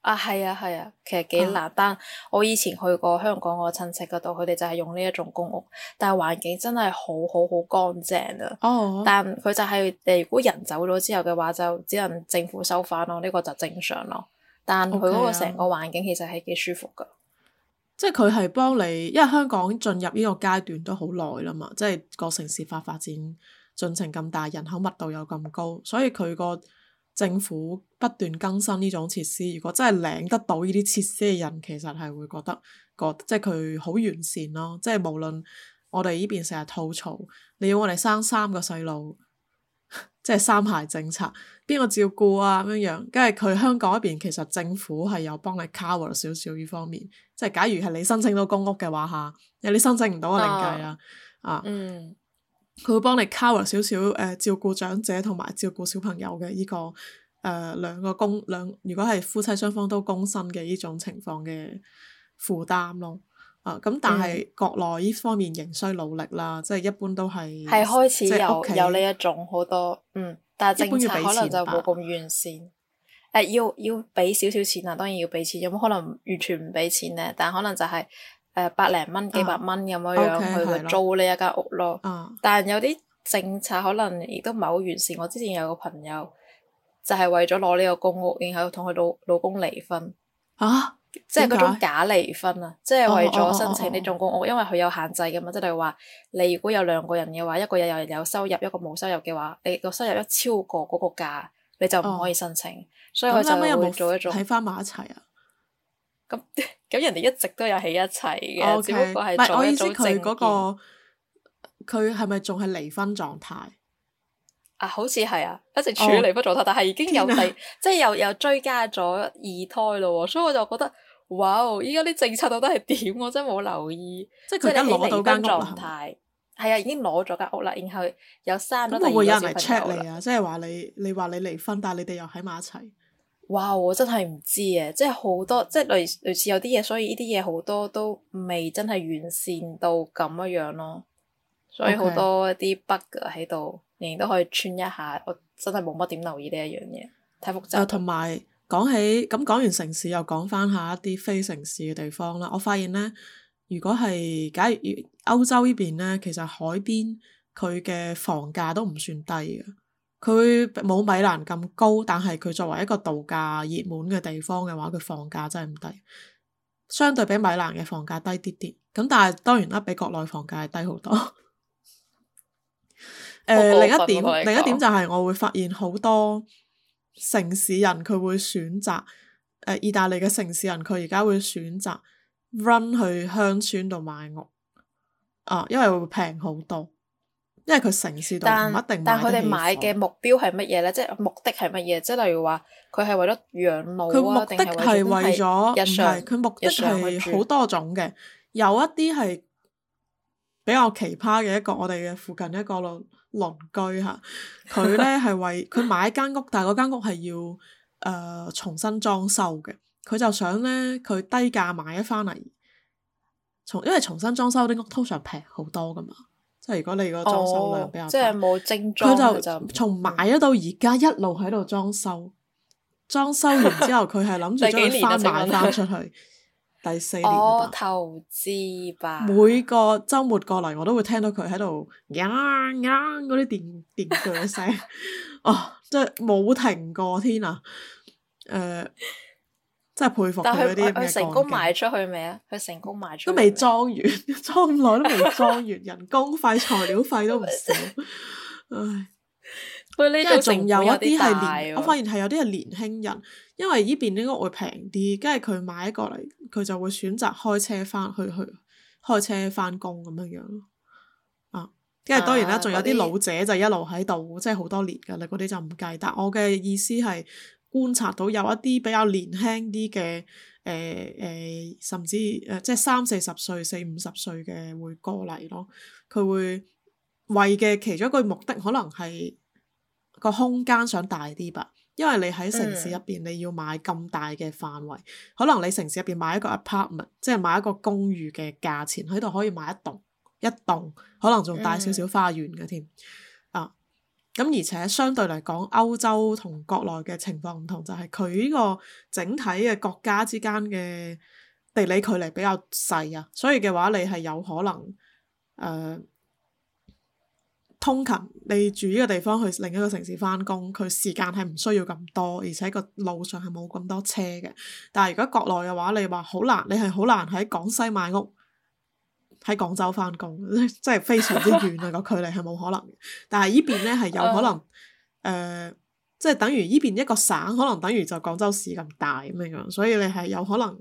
啊，係啊，係啊，其實幾難。但我以前去過香港我親戚嗰度，佢哋就係用呢一種公屋，但係環境真係好好好乾淨啊。哦，哦。但佢就係、是、誒，如果人走咗之後嘅話，就只能政府收翻咯。呢、這個就正常咯。但佢嗰個成個環境其實係幾舒服㗎、哦。即係佢係幫你，因為香港進入呢個階段都好耐啦嘛，即係個城市化發展進程咁大，人口密度又咁高，所以佢個。政府不斷更新呢種設施，如果真係領得到呢啲設施嘅人，其實係會覺得覺得即係佢好完善咯。即係無論我哋呢邊成日吐槽，你要我哋生三個細路，即係三孩政策，邊個照顧啊咁樣樣？跟住佢香港嗰邊其實政府係有幫你 cover 少少呢方面。即係假如係你申請到公屋嘅話嚇，有啲申請唔到、oh. 啊，另計啊，啊嗯。佢會幫你 cover 少少誒、呃、照顧長者同埋照顧小朋友嘅呢、這個誒、呃、兩個工。兩，如果係夫妻雙方都工薪嘅呢種情況嘅負擔咯。啊、呃，咁但係國內依方面仍需努力啦，即係一般都係係開始有有呢一種好多嗯，但係政策可能就冇咁完善。誒、嗯啊、要要俾少少錢啊，當然要俾錢，有冇可能完全唔俾錢咧？但係可能就係、是。誒，百零蚊、幾百蚊咁樣樣去去租呢一間屋咯，uh, 但係有啲政策可能亦都唔係好完善。我之前有個朋友就係為咗攞呢個公屋，然後同佢老老公離婚啊，即係嗰種假離婚啊，即係為咗申請呢種公屋，因為佢有限制㗎嘛，即係例如話你如果有兩個人嘅話，一個又有人有收入，一個冇收入嘅話，你個收入一超過嗰個價，你就唔可以申請，uh, 所以佢就做一種睇翻埋一齊啊。咁咁 人哋一直都有喺一齊嘅，Okay. 只不過係做一組證。佢係咪仲係離婚狀態？啊，好似係啊，一直處於離婚狀態，哦、但係已經有第，啊、即係又又追加咗二胎咯，所以我就覺得哇哦！依家啲政策到底係點？我真係冇留意。現即係佢而家攞到間屋唔太，係嗎啊，已經攞咗間屋啦，然後有生咗第二個小朋友啦，會有人 check 你啊，即係話你，你話你離婚，但係你哋又喺埋一齊。哇！我真係唔知啊，即係好多，即係類似類似有啲嘢，所以呢啲嘢好多都未真係完善到咁樣咯，Okay. 所以好多一啲 bug 喺度，仍然都可以穿一下，我真係冇乜點留意呢一樣嘢，太複雜。同埋、呃、講起咁講完城市，又講翻下一啲非城市嘅地方啦。我發現咧，如果係假如歐洲呢邊咧，其實海邊佢嘅房價都唔算低嘅。佢冇米蘭咁高，但係佢作為一個度假熱門嘅地方嘅話，佢房價真係唔低，相對比米蘭嘅房價低啲啲。咁但係當然啦，比國內房價係低好多。誒、 呃，另一點，另一點就係我會發現好多城市人佢會選擇誒、呃，意大利嘅城市人佢而家會選擇 run 去鄉村度買屋啊，因為會平好多。因為佢城市度唔但一定買得起。但佢哋買嘅目標係乜嘢咧？即係目的係乜嘢？即係例如話，佢係為咗養老佢、啊、目的係為咗人。佢目的係好多種嘅，有一啲係比較奇葩嘅一個。我哋嘅附近一個鄰居嚇，佢咧係為佢買一間屋，但係嗰間屋係要誒、呃、重新裝修嘅。佢就想咧，佢低價買一翻嚟，從因為重新裝修啲屋通常平好多噶嘛。如果你個裝修量比較少，即係冇精裝，佢、哦、就從買咗到而家一路喺度裝修。嗯、裝修完之後，佢係諗住將啲翻版翻出去。 第，第四年啊，我投資吧。每個周末過嚟，我都會聽到佢喺度嗰啲電電鋸聲。 哦，即係冇停過添啊！誒、呃。 真係佩服佢嗰啲成功賣出去未啊？佢成功賣出去都未裝完， 裝耐都未裝完，人工費、 材料費都唔少。唉，佢呢度仲有一啲係年，我發現係有啲係年輕人，因為呢邊應該會平啲，跟住佢買過嚟，佢就會選擇開車返去去開車返工咁樣樣。啊，跟住當然啦，仲有啲老者就一路喺度，即係好多年㗎啦，嗰啲就唔計。但我嘅意思係，觀察到有一啲比較年輕啲嘅，誒、呃、誒、呃，甚至誒、呃，即係三四十歲、四五十歲嘅會過嚟咯。佢會為嘅其中一個目的，可能係個空間想大啲吧。因為你喺城市入邊，你要買咁大嘅範圍，可能你城市入邊買一個 apartment，即係買一個公寓嘅價錢，喺度可以買一棟，一棟，可能仲帶少少花園嘅添。嗯。咁而且相對嚟講歐洲同國內嘅情況唔同，就係佢呢個整體嘅國家之間嘅地理距離比較細啊，所以嘅話，你係有可能誒、呃、通勤，你住呢個地方去另一個城市翻工，佢時間係唔需要咁多，而且個路上係冇咁多車嘅。但係如果國內嘅話，你話好難，你係好難喺廣西買屋。喺廣州翻工，即係非常之遠啊！ 個距離係冇可能，但係依邊咧係有可能，誒、 呃，即係等於依邊一個省，可能等於就廣州市咁大咁樣。所以你係有可能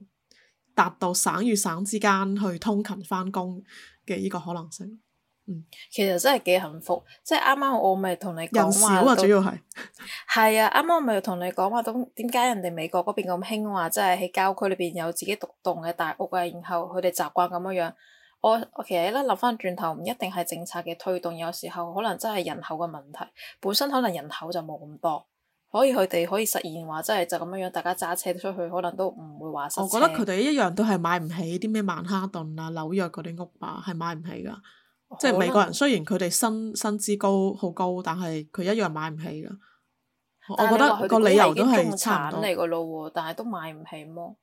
達到省與省之間去通勤翻工嘅依個可能性。嗯，其實真係幾幸福，即係啱啱我咪同你講話，人少啊，主要係係 啊，啱啱咪同你講話，點點解人哋美國嗰邊咁興話，即係喺郊區裏邊有自己獨棟嘅大屋啊，然後佢哋習慣咁樣。我其實咧，諗翻轉頭，唔一定係政策嘅推動，有時候可能真係人口嘅問題，本身可能人口就冇咁多，所以佢哋可以實現話，真係就咁樣樣，大家揸車出去，可能都唔會話塞車。我覺得佢哋一樣都係買唔起啲咩曼哈頓啊、紐約嗰啲屋呀，係買唔起噶。即係的美國人雖然佢哋薪薪資高好高，但係佢一樣買唔起噶。但是 我覺得個理由都係差唔多，但係都買唔起麼？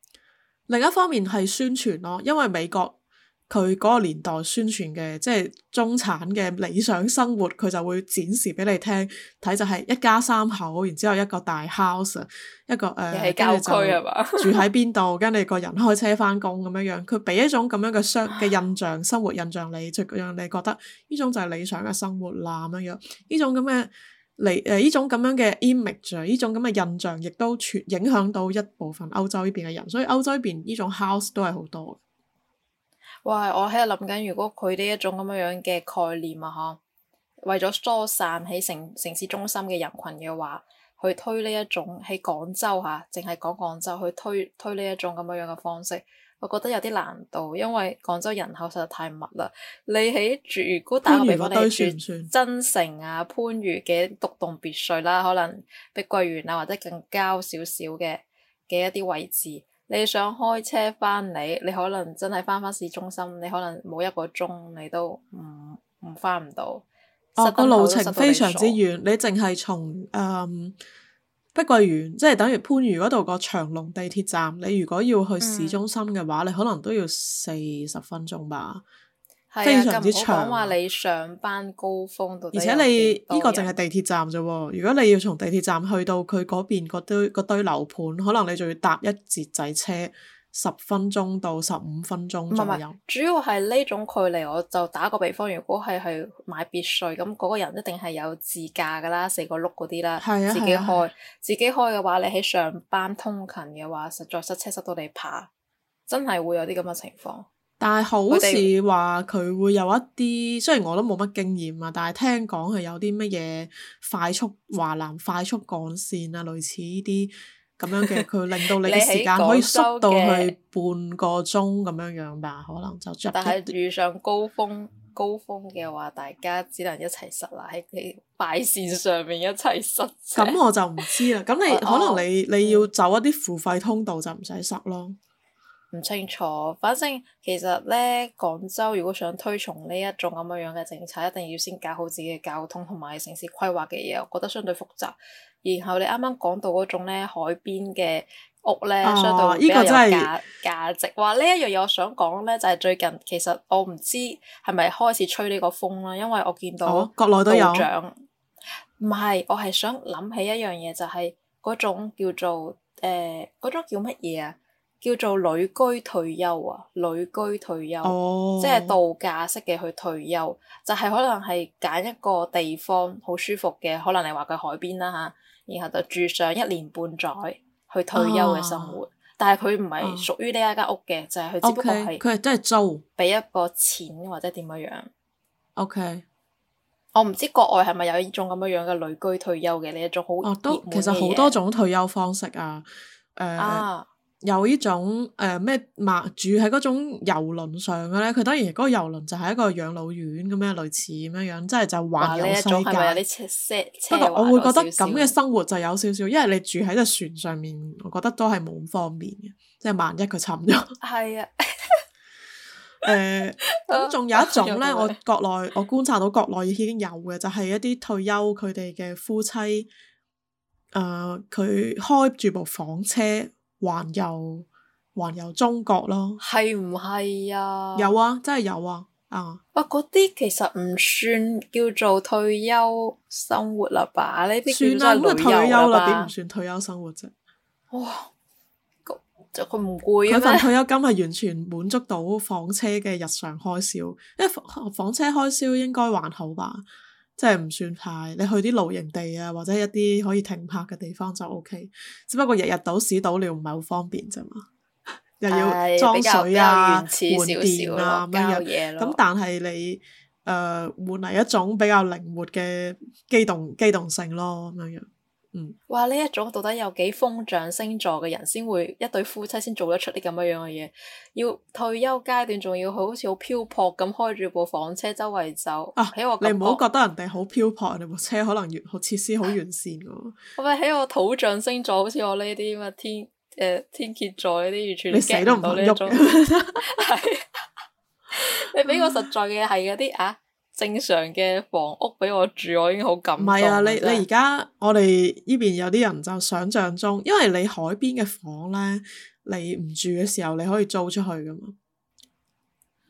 另一方面係宣傳咯，因為美國。佢嗰個年代宣傳嘅，即係中產嘅理想生活，佢就會展示俾你聽，睇就係一家三口，然之後一個大 house，一個誒，郊區、呃、住就住喺邊度，跟住 你個人開車翻工咁樣樣。佢俾一種咁樣嘅相嘅印象，生活印象你，就讓你覺得呢種就係理想嘅生活啦咁樣樣。呢種咁嘅理誒，呢種咁樣嘅 image，呢種咁嘅印象，亦都全影響到一部分歐洲呢邊嘅人。所以歐洲呢邊呢種 house 都係好多。哇！我喺度諗緊，如果佢呢一種咁樣樣嘅概念啊，哈，為咗疏散喺城城市中心嘅人群嘅話，去推呢一種喺廣州嚇，淨係講廣州去推推呢一種咁樣樣嘅方式，我覺得有啲難度，因為廣州人口實在太密啦。你喺住，如果打個比方你住增城啊、番禺嘅獨棟別墅啦，可能碧桂園啊，或者更郊少少嘅嘅一啲位置。你想開車返嚟，你可能真係返返市中心，你可能冇一個鐘，你都唔唔返唔到。哦，個路程非常之遠，嗯、你淨係從誒、嗯、碧桂園，即、就、係、是、等於番禺嗰度個長隆地鐵站，你如果要去市中心嘅話，嗯、你可能都要四十分鐘吧。非常之長。你上班高峰，而且你呢個淨係地鐵站啫喎，如果你要從地鐵站去到佢嗰邊嗰堆嗰堆樓盤，可能你仲要搭一節仔車，十分鐘到十五分鐘左右。主要係呢種距離，我就打個比方，如果係去買別墅，咁、那、嗰個人一定係有自駕㗎啦，四個轆嗰啲啦，啊、自己開。啊啊、自己開嘅話，你喺上班通勤嘅話，實在塞車塞到你怕，真係會有啲咁嘅情況。但係好似話佢會有一啲，雖然我都冇乜經驗啊，但係聽講係有啲乜嘢快速華南快速幹線啊，類似呢啲咁樣嘅，佢令到你嘅時間可以縮到去半個鐘咁樣樣吧？可能就但係遇上高峰，高峰嘅話，大家只能一齊塞喺你快線上面一齊塞。咁 我就唔知啦。咁你、oh, 可能你你要走一啲付費通道就唔使塞咯。唔清楚，反正其實咧，廣州如果想推崇呢一種咁樣樣嘅政策，一定要先搞好自己嘅交通同埋城市規劃嘅嘢，我覺得相對複雜。然後你啱啱講到嗰種咧，海邊嘅屋咧，哦、相對比較有價價值。話呢一樣嘢我想講咧，就係、是、最近其實我唔知係咪開始吹呢個風啦，因為我見到、哦、國內都有。唔係，我係想諗起一樣嘢，就係、是、嗰種叫做誒嗰、呃、種叫乜嘢啊？叫做旅居退休啊，旅居退休，oh. 即係度假式嘅去退休，就係、是、可能係揀一個地方好舒服嘅，可能你話佢海邊啦吓，然後就住上一年半載去退休嘅生活，oh. 但係佢唔係屬於呢一間屋嘅，oh. 就係佢只不過係佢係真係租，俾一個錢或者點樣樣。O Okay . K，我唔知國外係咪有呢種咁樣樣嘅旅居退休嘅呢一種好，其實好多種退休方式啊，誒、uh.。Ah. 有呢種誒咩嘛住喺嗰種遊輪上嘅咧，佢當然嗰個遊輪就係一個養老院咁樣，類似咁樣樣，即係就環遊世界。不過我會覺得咁嘅生活就有少少，因為你住喺隻船上面，我覺得都係冇咁方便嘅，即係萬一佢沉咗。係啊。誒，咁仲有一種咧， 我國內我觀察到國內已經有嘅，就係一啲退休佢哋嘅夫妻，誒，佢開住部房車。環遊環遊中國咯，係唔係啊？有啊，真係有啊，啊！哇、啊，嗰啲其實唔算叫做退休生活啦吧？呢啲算真係退休啦，點唔算退休生活啫？哇！就佢唔攰啊嘛？佢份退休金係完全滿足到房車嘅日常開銷，因為房房車開銷應該還好吧？即係唔算太，你去啲露營地啊，或者一啲可以停泊嘅地方就 O K。只不過日日倒屎倒尿唔係好方便啫嘛，又要裝水啊、換電啊咁樣樣嘢。咁但係你，誒、呃、換嚟一種比較靈活嘅機動機動性咯，咁樣樣。哇！呢一種到底有幾風象星座嘅人先會一對夫妻先做得出啲咁樣樣嘅嘢？要退休階段仲要好似好漂泊咁，開住部房車周圍走啊！我你唔好覺得人哋好漂泊，你部車可能越設施好完善噶、啊。我咪喺我土象星座，好似我呢啲乜天誒、呃、天蠍座呢啲完全你死都唔到呢喐。你俾個實在嘅係嗰啲啊！ 正常嘅房屋俾我住，我已經好感動啦。唔係啊，你你而家我哋呢邊有啲人就想象中，因為你海邊嘅房咧，你唔住嘅時候你可以租出去噶嘛，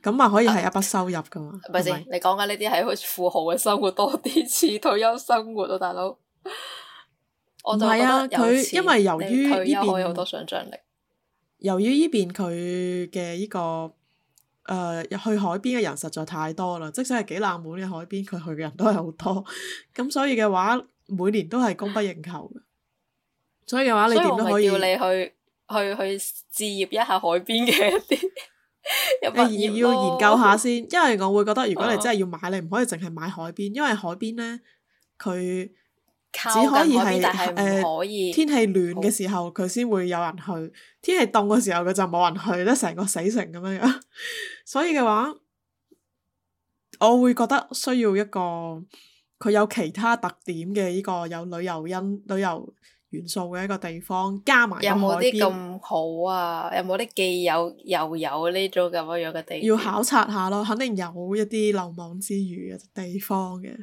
咁啊可以係一筆收入噶嘛。唔係先，等等係咪你講緊呢啲係富豪嘅生活多啲，似退休生活啊，大佬。我真係覺得有錢。退休我有好多想象力。由於呢邊佢嘅呢個。誒、呃、去海邊嘅人實在太多啦，即使係幾冷門嘅海邊，佢去嘅人都係好多，咁 所以嘅話，每年都係供不應求。所以嘅話，你點都可以要你去 去去置業一下海邊嘅一啲。 要研究下先， 因為我會覺得，如果你真係要買，哦、你唔可以淨係買海邊，因為海邊咧佢。只可以係誒、呃、天氣暖嘅時候佢先好會有人去，天氣凍嘅時候佢就冇人去，咧成個死城咁樣。 所以嘅話，我會覺得需要一個佢有其他特點嘅呢、呢個有旅遊因旅遊元素嘅一個地方，加埋有冇啲咁好啊？有冇啲既有又有呢種咁樣樣嘅地方？要考察下咯，肯定有一啲漏網之魚嘅地方嘅。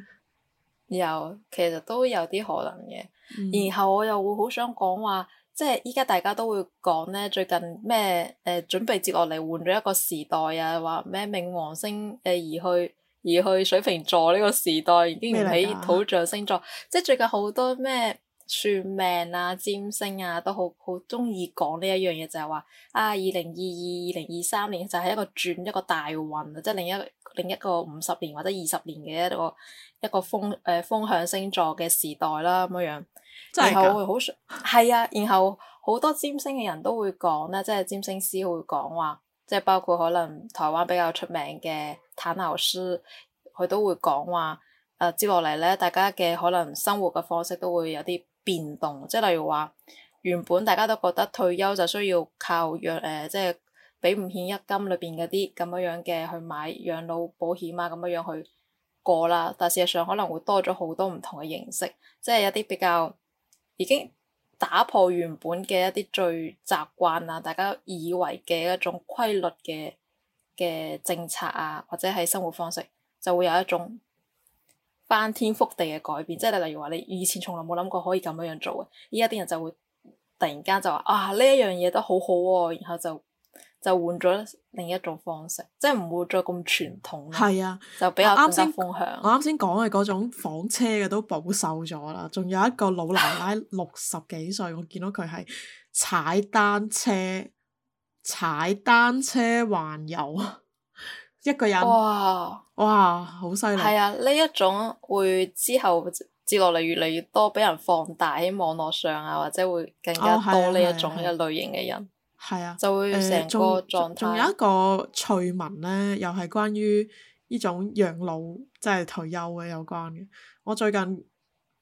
有，其實都有啲可能嘅。嗯、然後我又會好想講話，即係依家大家都會講呢：最近咩誒、呃、準備接落嚟換咗一個時代啊，話咩冥王星誒而去而去水瓶座呢個時代，已經唔喺土象星座，咩？即係最近好多咩。算命啊、占星啊，都好好中意講呢一樣嘢，就係、是、話啊，二零二二、二零二三年就係一個轉一個大運，即係另一另一個五十年或者二十年嘅一個一個風誒、呃、風向星座嘅時代啦，咁樣樣。真係的噶。然後好係啊，然後好多占星嘅人都會講啦，即、就、係、是、占星師會講話，即、就、係、是、包括可能台灣比較出名嘅唐老師，佢都會講話，誒、呃、接落嚟咧，大家嘅可能生活嘅方式都會有啲。變動，即係例如話，原本大家都覺得退休就需要靠養誒、呃，即係俾五險一金裏邊嗰啲咁樣樣嘅去買養老保險啊咁樣樣去過啦，但事實上可能會多咗好多唔同嘅形式，即係一啲比較已經打破原本嘅一啲最習慣啊，大家以為嘅一種規律嘅嘅政策啊，或者係生活方式，就會有一種。翻天覆地嘅改變，即係例如話，你以前從來冇諗過可以咁樣樣做嘅，依家啲人就會突然間就話啊呢一樣嘢都好好、啊、喎，然後就就換咗另一種方式，即係唔會再咁傳統。係啊，就比較啱先。我啱先講嘅嗰種房車嘅都保守咗啦，仲有一個老奶奶六十幾歲， 我見到佢係踩單車，踩單車環遊。一個人，哇哇，好犀利。係啊，呢一種會之後接落嚟越嚟越多俾人放大喺網絡上啊，或者會更加多呢、哦啊、一種嘅類型嘅人係啊，就會成個狀態。仲、呃、有一個趣聞咧，又係關於呢種養老即係退休嘅有關嘅。我最近誒、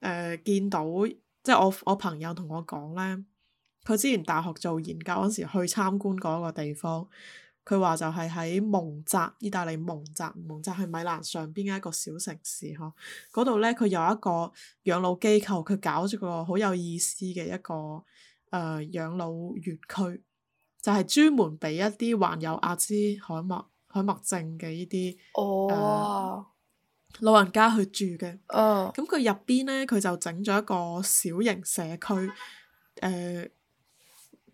呃、見到即係我我朋友同我講咧，佢之前大學做研究嗰時去參觀嗰個個地方。佢話就係喺蒙扎，意大利蒙扎，蒙扎係米蘭上邊嘅一個小城市呵。嗰度咧，佢有一個養老機構，佢搞咗個好有意思嘅一個誒、呃、養老園區，就係、是、專門俾一啲患有阿茲海默海默症嘅依啲誒老人家去住嘅。咁佢入邊咧，佢就整咗一個小型社區，誒、呃。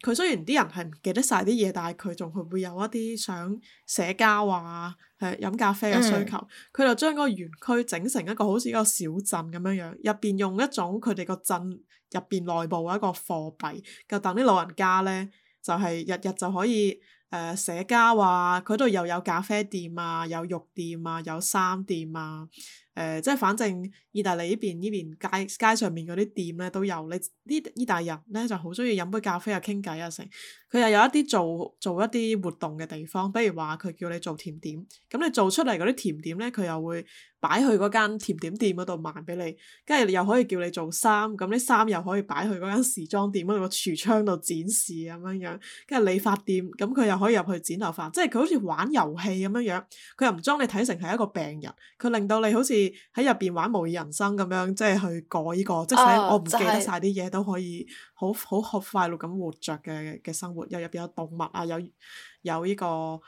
佢雖然啲人係唔記得晒啲嘢，但係佢仲係會有一啲想社交啊，誒、呃、飲咖啡嘅需求。佢、嗯、就將嗰個園區整成一個好似一個小鎮咁樣樣，入邊用一種佢哋個鎮入邊內部一個貨幣，就等啲老人家呢，就係日日就可以誒社、呃、交啊。佢度又有咖啡店啊，有肉店啊，有衫店啊。誒、呃，即係反正意大利呢邊呢邊街街上面嗰啲店咧都有，呢呢呢啲人呢就好鍾意飲杯咖啡啊，傾偈啊成。佢又有一啲做做一啲活動嘅地方，比如話佢叫你做甜點，咁、嗯、你做出嚟嗰啲甜點咧，佢又會擺去嗰間甜點店嗰度賣俾你。跟住又可以叫你做衫，咁啲衫又可以擺去嗰間時裝店嗰個櫥窗度展示咁樣樣。跟住理髮店，咁、嗯、佢又可以入去剪頭髮，即係佢好似玩遊戲咁樣樣。佢又唔將你睇成係一個病人，佢令到你好似喺入邊玩模擬人生咁樣，即係去過呢、這個，哦、即使我唔記得晒啲嘢都可以。好好好快樂咁活着嘅嘅生活，又入邊有動物啊，有有呢、這個誒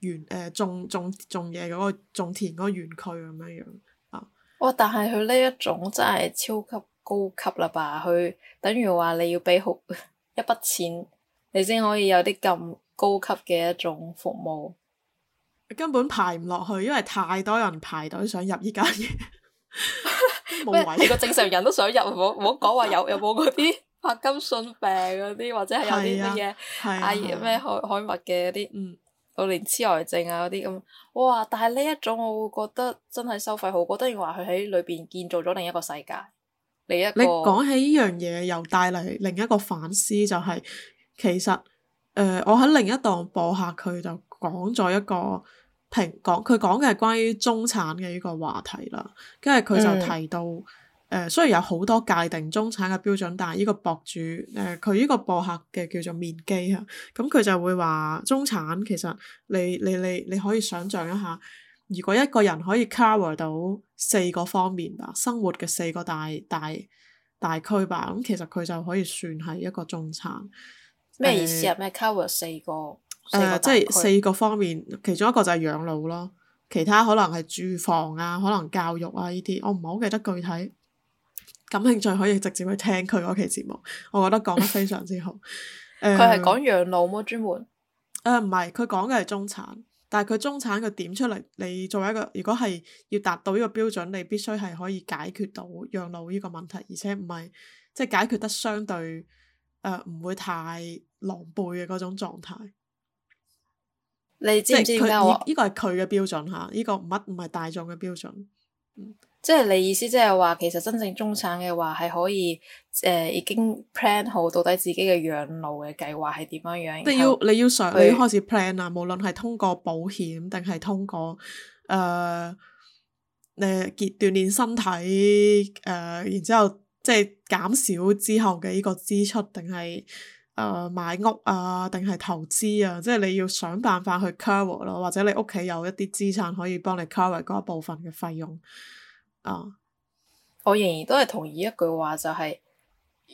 園誒種種種嘢嗰、那個種田嗰個園區咁樣樣啊！哇、哦！但係佢呢一種真係超級高級啦吧？佢等於話你要俾好 一筆錢，你先可以有啲咁高級嘅一種服務。根本排唔落去，因為太多人排隊想入依間嘢。 你個正常人都想入，唔好講話有有冇嗰啲柏金遜病嗰啲，或者係有啲啲嘢，阿咩、啊啊哎、海海默嘅啲，嗯，老年痴呆症啊嗰啲咁。哇！但係呢一種我會覺得真係收費好高，當然話佢喺裏邊建造咗另一個世界。一你一你講起呢樣嘢，又帶嚟另一個反思，就是，就係其實誒、呃，我喺另一檔播客，佢就講咗一個。平講佢講嘅係關於中產嘅呢個話題啦，跟住佢就提到誒、嗯呃，雖然有好多界定中產嘅標準，但係呢個博主誒佢呢個博客嘅叫做面基嚇，咁、啊、佢、嗯、就會話中產其實你你你你，你可以想象一下，如果一個人可以 cover 到四個方面吧，生活嘅四個大大大區吧，咁、嗯、其實佢就可以算係一個中產。咩意思啊？咩、呃、cover 四個？誒、呃，即係四個方面，其中一個就係養老咯，其他可能係住房啊，可能教育啊呢啲，我唔係好記得具體。感興趣可以直接去聽佢嗰期節目，我覺得講得非常之好。佢係講養老麼？專門、呃？誒、呃，唔係，佢講嘅係中產，但係佢中產嘅點出嚟？你作為一個，如果係要達到呢個標準，你必須係可以解決到養老呢個問題，而且唔係即係解決得相對誒、呃，唔會太狼狽嘅嗰種狀態。你知唔知點解我依個係佢嘅標準嚇？呢個乜唔係大眾嘅標準。這個、標準即係你意思即係話，其實真正中產嘅話係可以誒、呃、已經 plan 好到底自己嘅養老嘅計劃係點樣樣？即要你要上以你要開始 plan 啊，無論係通過保險定係通過誒誒鍛鍛鍊身體誒、呃，然之後即係減少之後嘅呢個支出定係。誒、呃、買屋啊，定係投資啊，即係你要想辦法去 cover 咯，或者你屋企有一啲資產可以幫你 cover 嗰一部分嘅費用啊。我仍然都係同意一句話，就係、是、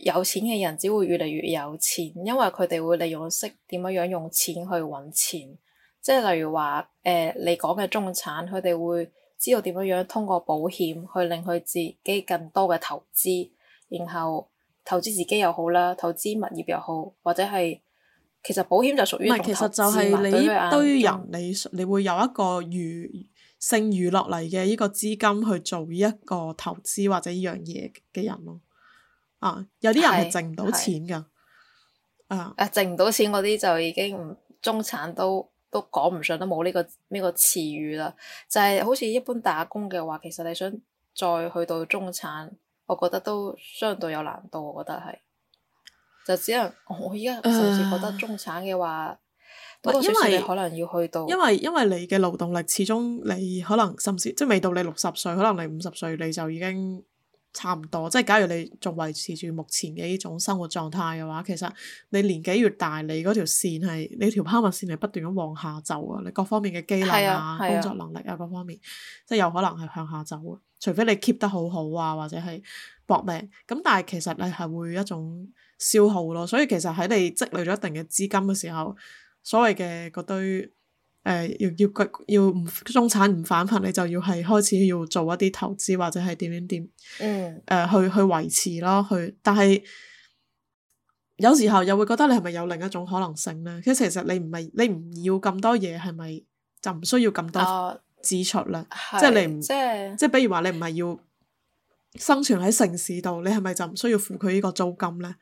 有錢嘅人只會越嚟越有錢，因為佢哋會利用識點樣樣用錢去揾錢。即係例如話誒、呃，你講嘅中產，佢哋會知道點樣樣通過保險去令佢自己更多嘅投資，然後。投資自己又好啦，投資物業又好，或者係其實保險就屬於。唔係，其實就係你呢堆人，你、嗯、你會有一個餘剩餘落嚟嘅呢個資金去做呢一個投資或者呢樣嘢嘅人咯。啊，有啲人係淨唔到錢㗎。啊，誒，淨唔到錢嗰啲就已經唔中產都都講唔上，都冇呢個呢個詞語啦。就係、是、好似一般打工嘅話，其實你想再去到中產。我覺得都相對有難度，我覺得係，就只能我依家甚至覺得中產嘅話，因、呃、多，多少少你可能要去到，因為因為，因為你嘅勞動力，始終你可能甚至即係未到你六十歲，可能你五十歲你就已經。差唔多，即係假如你仲維持住目前嘅呢種生活狀態嘅話，其實你年紀越大，你嗰條線係你條拋物線係不斷咁往下走啊！你各方面嘅機能啊、啊啊工作能力啊各方面，即係有可能係向下走嘅，除非你 keep 得好好啊，或者係搏命。咁但係其實你係會一種消耗咯，所以其實喺你積累咗一定嘅資金嘅時候，所謂嘅嗰堆。誒、呃、要要要唔中產唔返貧，你就要係開始要做一啲投資或者係點點點。嗯。誒、呃、去去維持咯，去。但係有時候又會覺得你係咪有另一種可能性咧？即係其實你唔係你唔要咁多嘢，係咪就唔需要咁多支出啦？哦、即係你唔是即係是，即係比如話你唔係要生存喺城市度，你係咪就唔需要付佢呢個租金咧？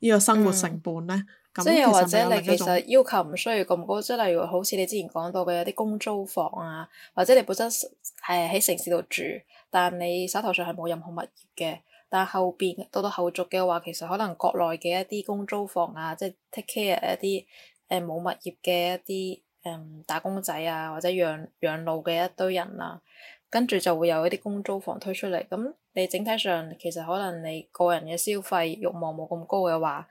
呢個生活成本咧？嗯。即係又或者你其實要求唔需要咁高，即係例如好似你之前講到嘅有啲公租房啊，或者你本身係喺城市度住，但你手頭上係冇任何物業嘅，但後邊到到後續嘅話，其實可能國內嘅一啲公租房啊，即係 take care 一啲誒冇物業嘅一啲誒、嗯、打工仔啊，或者養養老嘅一堆人啊，跟住就會有一啲公租房推出嚟，咁你整體上其實可能你個人嘅消費欲望冇咁高嘅話，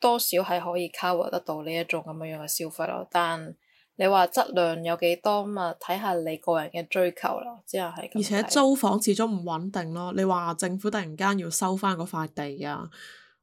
多少係可以 cover 得到呢一種咁樣樣嘅消費咯，但你話質量有幾多嘛？睇下你個人嘅追求啦，之後係。而且租房始終唔穩定咯，你話政府突然間要收翻嗰塊地啊，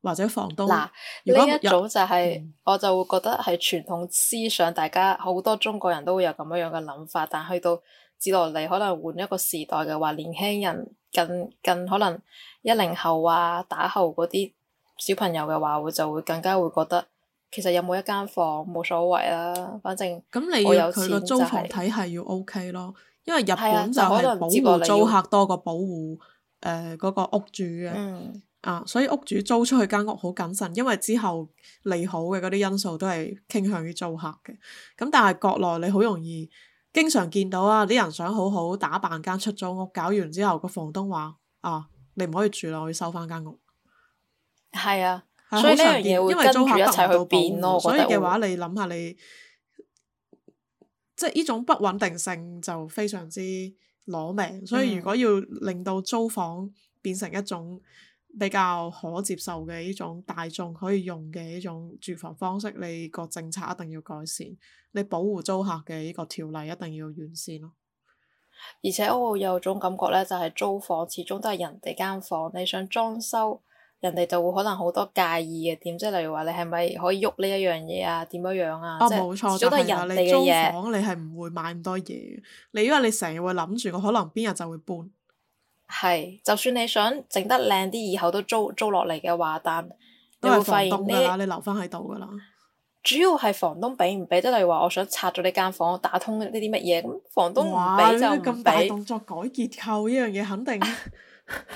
或者房東。嗱喇，呢一組就係、是嗯、我就會覺得係傳統思想，大家好多中國人都會有咁樣樣嘅諗法，但去到接落嚟可能換一個時代嘅話，年輕人更更可能一零後啊、打後嗰啲。小朋友嘅話會就會更加會覺得，其實有冇一間房冇所謂啦，反正我有錢就係。你租房體系要 OK 咯，因為日本就係保護租客多過保護誒嗰個屋主嘅，嗯、啊，所以屋主租出去間屋好謹慎，因為之後利好嘅嗰啲因素都係傾向於租客嘅。咁但係國內你好容易經常見到啊，啲人想好好打扮間出租屋，搞完之後個房東話啊，你唔可以住啦，我要收翻間屋。係啊，所以呢樣嘢因為租客一齊去變咯。所以嘅話，你諗下，你、啊、即係呢種不穩定性就非常之攞命。嗯、所以如果要令到租房變成一種比較可接受嘅呢種大眾可以用嘅呢種住房方式，你個政策一定要改善，你保護租客嘅呢個條例一定要完善咯。而且我、哦、有種感覺咧，就係租房始終都係人哋間房，你想裝修。人哋就會可能好多介意嘅點，即係例如話你係咪可以喐呢一樣嘢啊？點樣樣啊？即冇錯都係人哋嘅房，西你係唔會買咁多嘢。因為你如果你成日會諗住，我可能邊日就會搬。係，就算你想整得靚啲，以後都租租落嚟嘅話，但你會發現呢？你，你留翻喺度噶啦。主要係房東俾唔俾？即係例如話，我想拆咗呢間房，打通呢啲乜嘢？咁房東唔俾就唔俾。大動作改結構呢樣嘢肯定。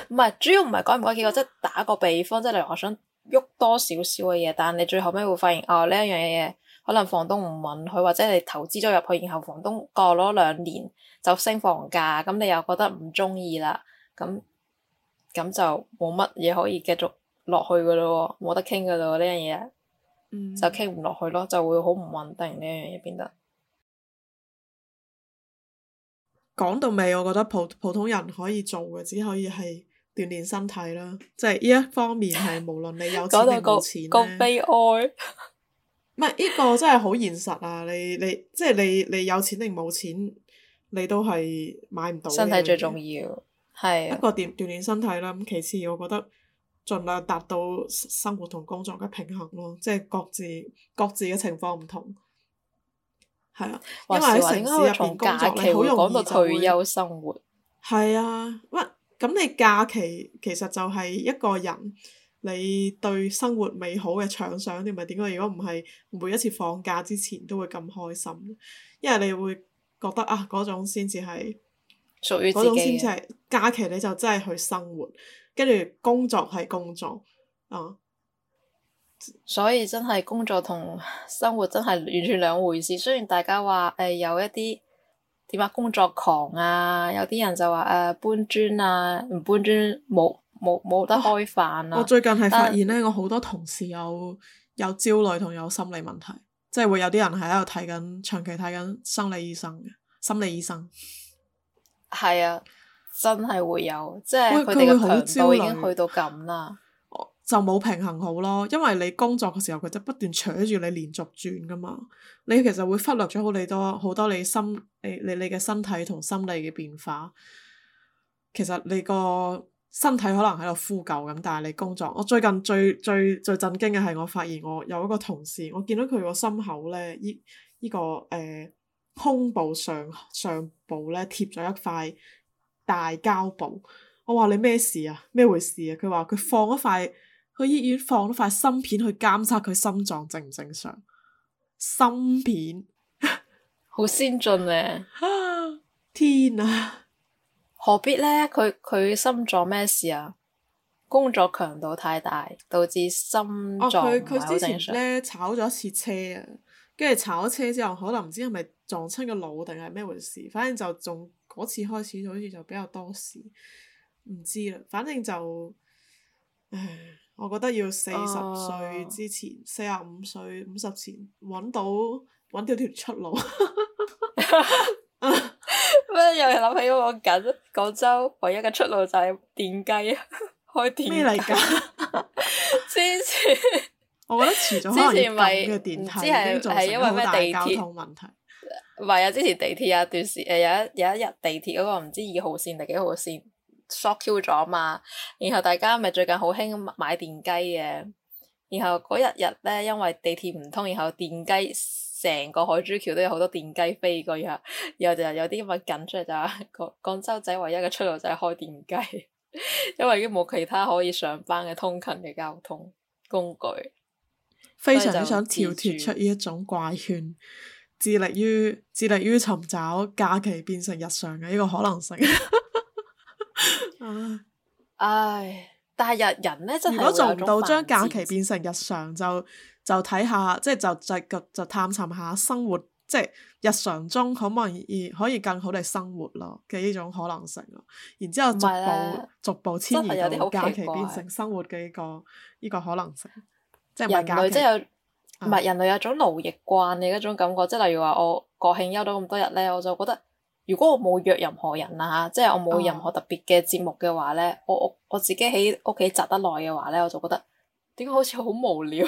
唔係 主要唔係講唔講幾個，即係打個比方，即係例如我想喐多少少嘅嘢，但係你最後尾會發現哦呢一樣嘢，可能房東唔允許，或者你投資咗入去，然後房東過咗兩年就升房價，咁你又覺得唔中意啦，咁咁就冇乜嘢可以繼續落去噶咯，冇得傾噶咯呢樣嘢，嗯、就傾唔落去咯，就會好唔穩定呢樣嘢變得。講到尾，我覺得普普通人可以做嘅，只可以係鍛煉身體啦，即係呢一方面係 無論你有錢定冇錢咧。 那個那個，悲哀。唔係呢個真係好現實啊！你你即係你你有錢定冇錢，你都係買唔到。身體最重要。係一個鍛鍛煉身體啦，咁其次我覺得盡量達到生活同工作嘅平衡咯，即係各自各自嘅情況唔同。係啊，因為喺城市入邊工作，你好容易講到退休生活。係啊，乜咁你假期其實就係一個人你對生活美好嘅暢想，你咪點解如果唔係每一次放假之前都會咁開心？因為你會覺得啊，嗰種先至係屬於嗰種先至係假期，你就真係去生活，跟住工作係工作，啊。所以真係工作同生活真係完全兩回事。雖然大家話誒、呃、有一啲點啊工作狂啊，有啲人就話誒、呃、搬磚啊，唔搬磚冇冇冇得開飯啊，啊。我最近係發現呢，是我好多同事有有焦慮同有心理問題，即係會有啲人係喺度睇緊長期睇緊生理醫生嘅心理醫生。係啊，真係會有，即係佢哋嘅強度已經去到咁啦。就冇平衡好咯，因為你工作嘅時候佢就不斷扯住你連續轉噶嘛，你其實會忽略咗好你多好多你心你你你嘅身體同心理嘅變化。其實你個身體可能喺度呼救咁，但係你工作。我最近最最最最震驚嘅係，我發現我有一個同事，我見到佢個心口咧，呢呢個誒胸部上上部咧貼咗一塊大膠布。我話你咩事啊？咩回事啊？佢話佢放一塊。去醫院放咗塊芯片去監察佢心臟正唔正常？芯片好 先進咧！天啊，何必呢？佢佢心臟咩事啊？工作強度太大，導致心臟佢、哦、之前呢，炒咗一次車啊，跟住炒咗車之後，可能唔知係咪撞親個腦定係咩回事？反正就仲，嗰次開始，好似就比較多事，唔知啦。反正就唉。我覺得要四十歲之前，四十五歲五十前揾到揾到條出路。乜又諗起嗰個緊？廣州唯一嘅出路就係電雞，開電。咩嚟噶？之前我覺得除咗可能係唔知係係因為咩地鐵交通問題。唔係啊，之前地鐵有一段時誒，有一有一日地鐵嗰個唔知二號線定幾號線。s h Q 咗嘛？然後大家咪最近好興買電雞嘅。然後嗰一日咧，因為地鐵唔通，然後電雞成個海珠橋都有好多電雞飛過。然後就有啲咁嘅梗出嚟就係廣廣州仔唯一嘅出路就係開電雞，因為已經冇其他可以上班嘅通勤嘅交通工具。非常之想跳脫出呢一種怪圈，致力於致力於尋找假期變成日常嘅呢個可能性。 唉，唉，但係日人咧，真係如果做唔到將假期變成日常，就就睇下，即係就是、就就探尋下生活，即、就、係、是、日常中可唔可以可以更好地生活咯嘅呢種可能性咯。然之後逐步逐步遷移到假期變成生活嘅呢個呢個可能性。唔係人類即係有唔係、啊、人類有種勞役慣嘅一種感覺，即係例如話我國慶休咗咁多日咧，我就覺得。如果我冇約任何人啦、啊、即係我冇任何特別嘅節目嘅話呢，uh. 我我我自己喺屋企宅得耐嘅話呢，我就覺得點解好似好無聊，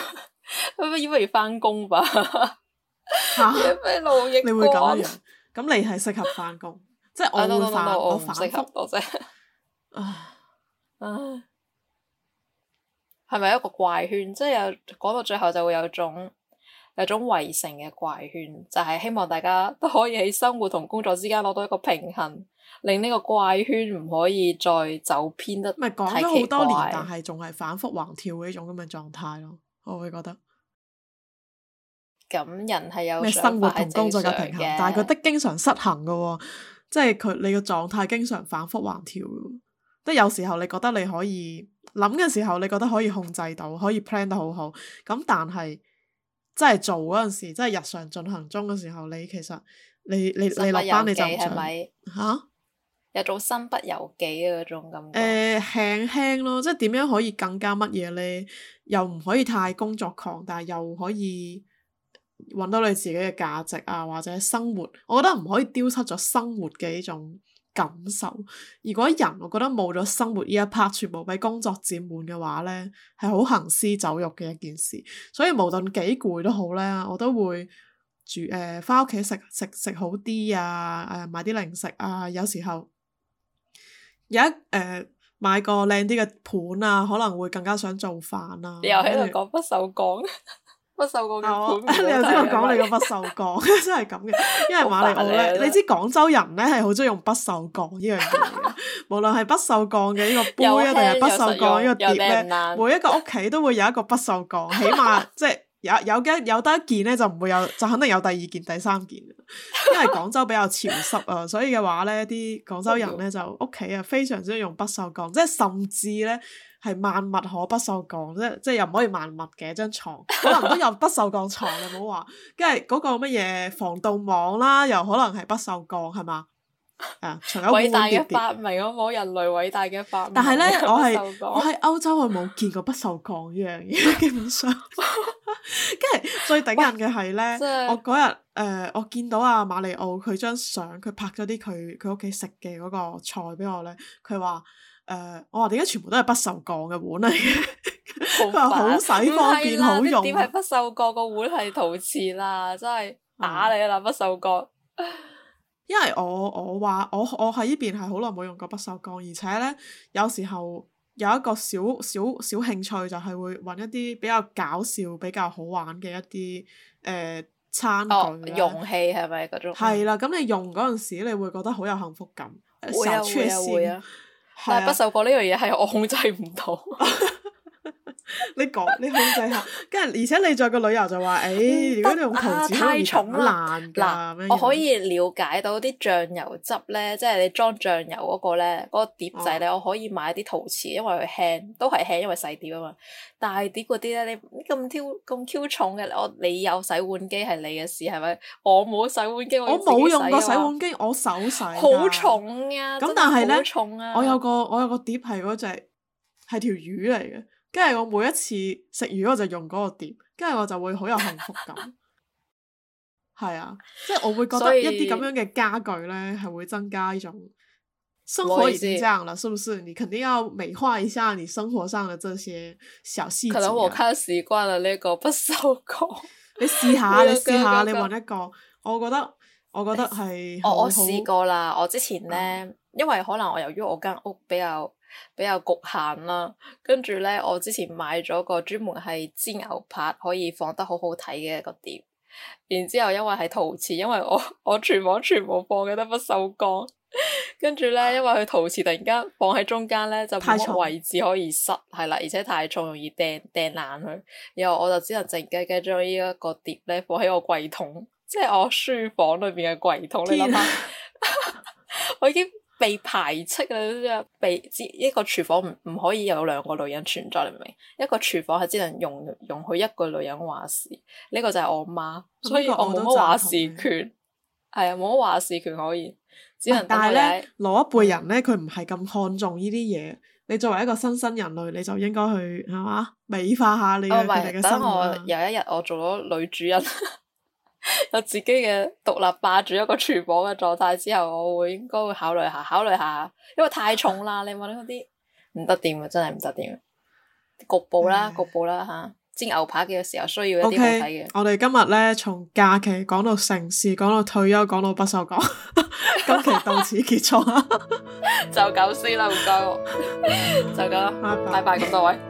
咁咪以為翻工吧？吓 你會咁樣，樣？咁你係適合翻工， 即係我會翻， no, no, no, no, 我唔適合多，我 啫？ 係、啊，係咪一個怪圈？即係有，講到最後就會有種。有種圍城嘅怪圈，就係、是、希望大家都可以喺生活同工作之間攞到一個平衡，令呢個怪圈唔可以再走偏得。唔係講咗好多年，但係仲係反覆橫跳呢種咁嘅狀態咯，我會覺得咁人係有咩生活同工作嘅平衡，的但係佢都經常失衡㗎，即係佢你個狀態經常反覆橫跳，即係有時候你覺得你可以諗嘅時候，你覺得可以控制到，可以 plan 得好好咁，但係。真係做嗰陣時，真係日常進行中嘅時候，你其實你你你落班你就做。身不由己係咪？吓、啊，有種身不由己嘅嗰種感覺。誒、呃，輕輕咯，即係點樣可以更加乜嘢呢？又唔可以太工作狂，但係又可以搵到你自己嘅價值啊，或者生活。我覺得唔可以丟失咗生活嘅呢種感受，如果人我覺得冇咗生活呢一 part，全部俾工作佔滿嘅話咧，係好行屍走肉嘅一件事。所以無論幾攰都好咧，我都會住誒返屋企食食食好啲啊。誒、呃、買啲零食啊，有時候有誒、呃、買個靚啲嘅盤啊，可能會更加想做飯啊。你又喺度講不守講。 不鏽鋼，你又知我講你個不鏽鋼。 真係咁嘅，因為瑪利奧咧， 你知廣州人咧係好中意用不鏽鋼呢樣嘢， 無論係不鏽鋼嘅呢個杯啊，定係不鏽鋼呢個碟咧，碟呢每一個屋企都會有一個不鏽鋼， 起碼即係有有得有，有，有得一件咧就唔會有，就肯定有第二件、第三件，因為廣州比較潮濕啊，所以嘅話咧，啲廣州人咧就屋企啊非常中意用不鏽鋼，即係甚至咧。係萬物可不鏽鋼，即即係又唔可以萬物嘅張床。可能都有不鏽鋼床， 你唔好話，跟係嗰個乜嘢防盜網啦、啊，又可能係不鏽鋼係嘛？係 啊，哄哄哄哲哲偉大嘅發明啊，冇人類偉大嘅發，但係呢，我係我喺歐洲係冇見過不鏽鋼呢樣嘢，基本上，跟 係最頂人嘅係呢。就是、我嗰日、呃、我見到阿、啊、瑪利奧佢張相，佢拍咗啲佢佢屋企食嘅嗰個菜俾我呢，佢話。誒，我話點解全部都係不銹鋼嘅碗嚟嘅，佢話好使、方便、好用。點係不銹鋼個碗係陶瓷啦，真係打你啦、嗯、不銹秀鋼。 因為我我話我我喺呢邊係好耐冇用過不銹鋼，而且咧有時候有一個小小小、小興趣就係會搵一啲比較搞笑、比較好玩嘅一啲誒、呃、餐具。哦，容器係咪嗰種？係啦 咁你用嗰陣時，你會覺得好有幸福感，手出線。先但係不守貨呢樣嘢係我控制唔到。 你講，你控制下，跟住 而且你再個旅遊就話，誒、欸，行如果你用陶瓷，太重啦，嗱，喇我可以了解到啲醬油汁咧，即係你裝醬油嗰個咧，嗰、嗰個碟仔咧，哦、我可以買啲陶瓷，因為佢輕，都係輕，因為細碟啊嘛。大碟嗰啲咧，你咁挑咁挑重嘅，我你有洗碗機係你嘅事，係咪？我冇洗碗機，我冇用過洗碗機，我手洗，好重啊！咁、啊、但係咧、啊，好重啊！我有個我有個碟係嗰隻係條魚嚟嘅。跟住我每一次食魚，我就用嗰個碟，跟住我就會好有幸福感。係 啊，即係我會覺得以一啲咁樣嘅家具呢，係會增加呢種生活已經這樣了，是不是？你肯定要美化一下你生活上嘅這些小細節、啊。可能我開始慣啦呢個不銹鋼， 你試下 你試下你問一個，我覺得我覺得係我試過啦，嗯、我之前呢，因為可能我由於我間屋比較。比較局限啦，跟住呢，我之前買咗個專門係煎牛扒可以放得好好睇嘅一個碟，然之後因為係陶瓷，因為我我廚房全部放嘅都不鏽鋼，跟住呢，因為佢陶瓷突然間放喺中間呢，就冇位置可以塞，係啦重，而且太重容易掟掟爛佢，然後我就只能靜雞雞將呢一個碟呢放喺我櫃桶，即係我書房裏邊嘅櫃桶，哪你諗想下， 我已經。被排斥啊！呢被，一個廚房唔唔可以有兩個女人存在，你明唔明？一個廚房係只能容容許一個女人話事，呢、呢個就係我媽，嗯、所以我冇乜話事權，係的啊，冇乜話事權可以，只能、啊、但係咧老一輩人咧，佢唔係咁看重呢啲嘢。你作為一個新生人類，你就應該去係嘛美化下你、哦啊、佢哋嘅生活、等我有一日，我做咗女主人。 有自己嘅獨立霸住一個廚房嘅狀態之後，我會應該會考慮下，考慮下，因為太重啦，你冇啲嗰啲唔得掂啊，真係唔得掂。局部啦，嗯、局部啦吓，煎牛排嘅時候需要一啲好睇嘅。Okay, 我哋今日咧從假期講到城市，講到退休，講到不鏽鋼， 今期到此結束， 就咁先啦，唔該， 就咁啦了，拜拜，咁多位。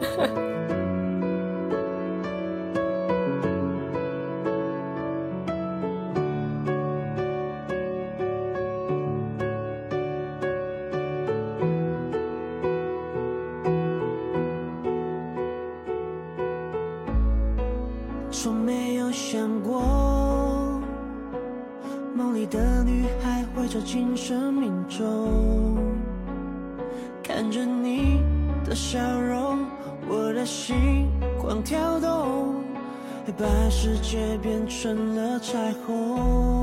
世界變成了彩虹。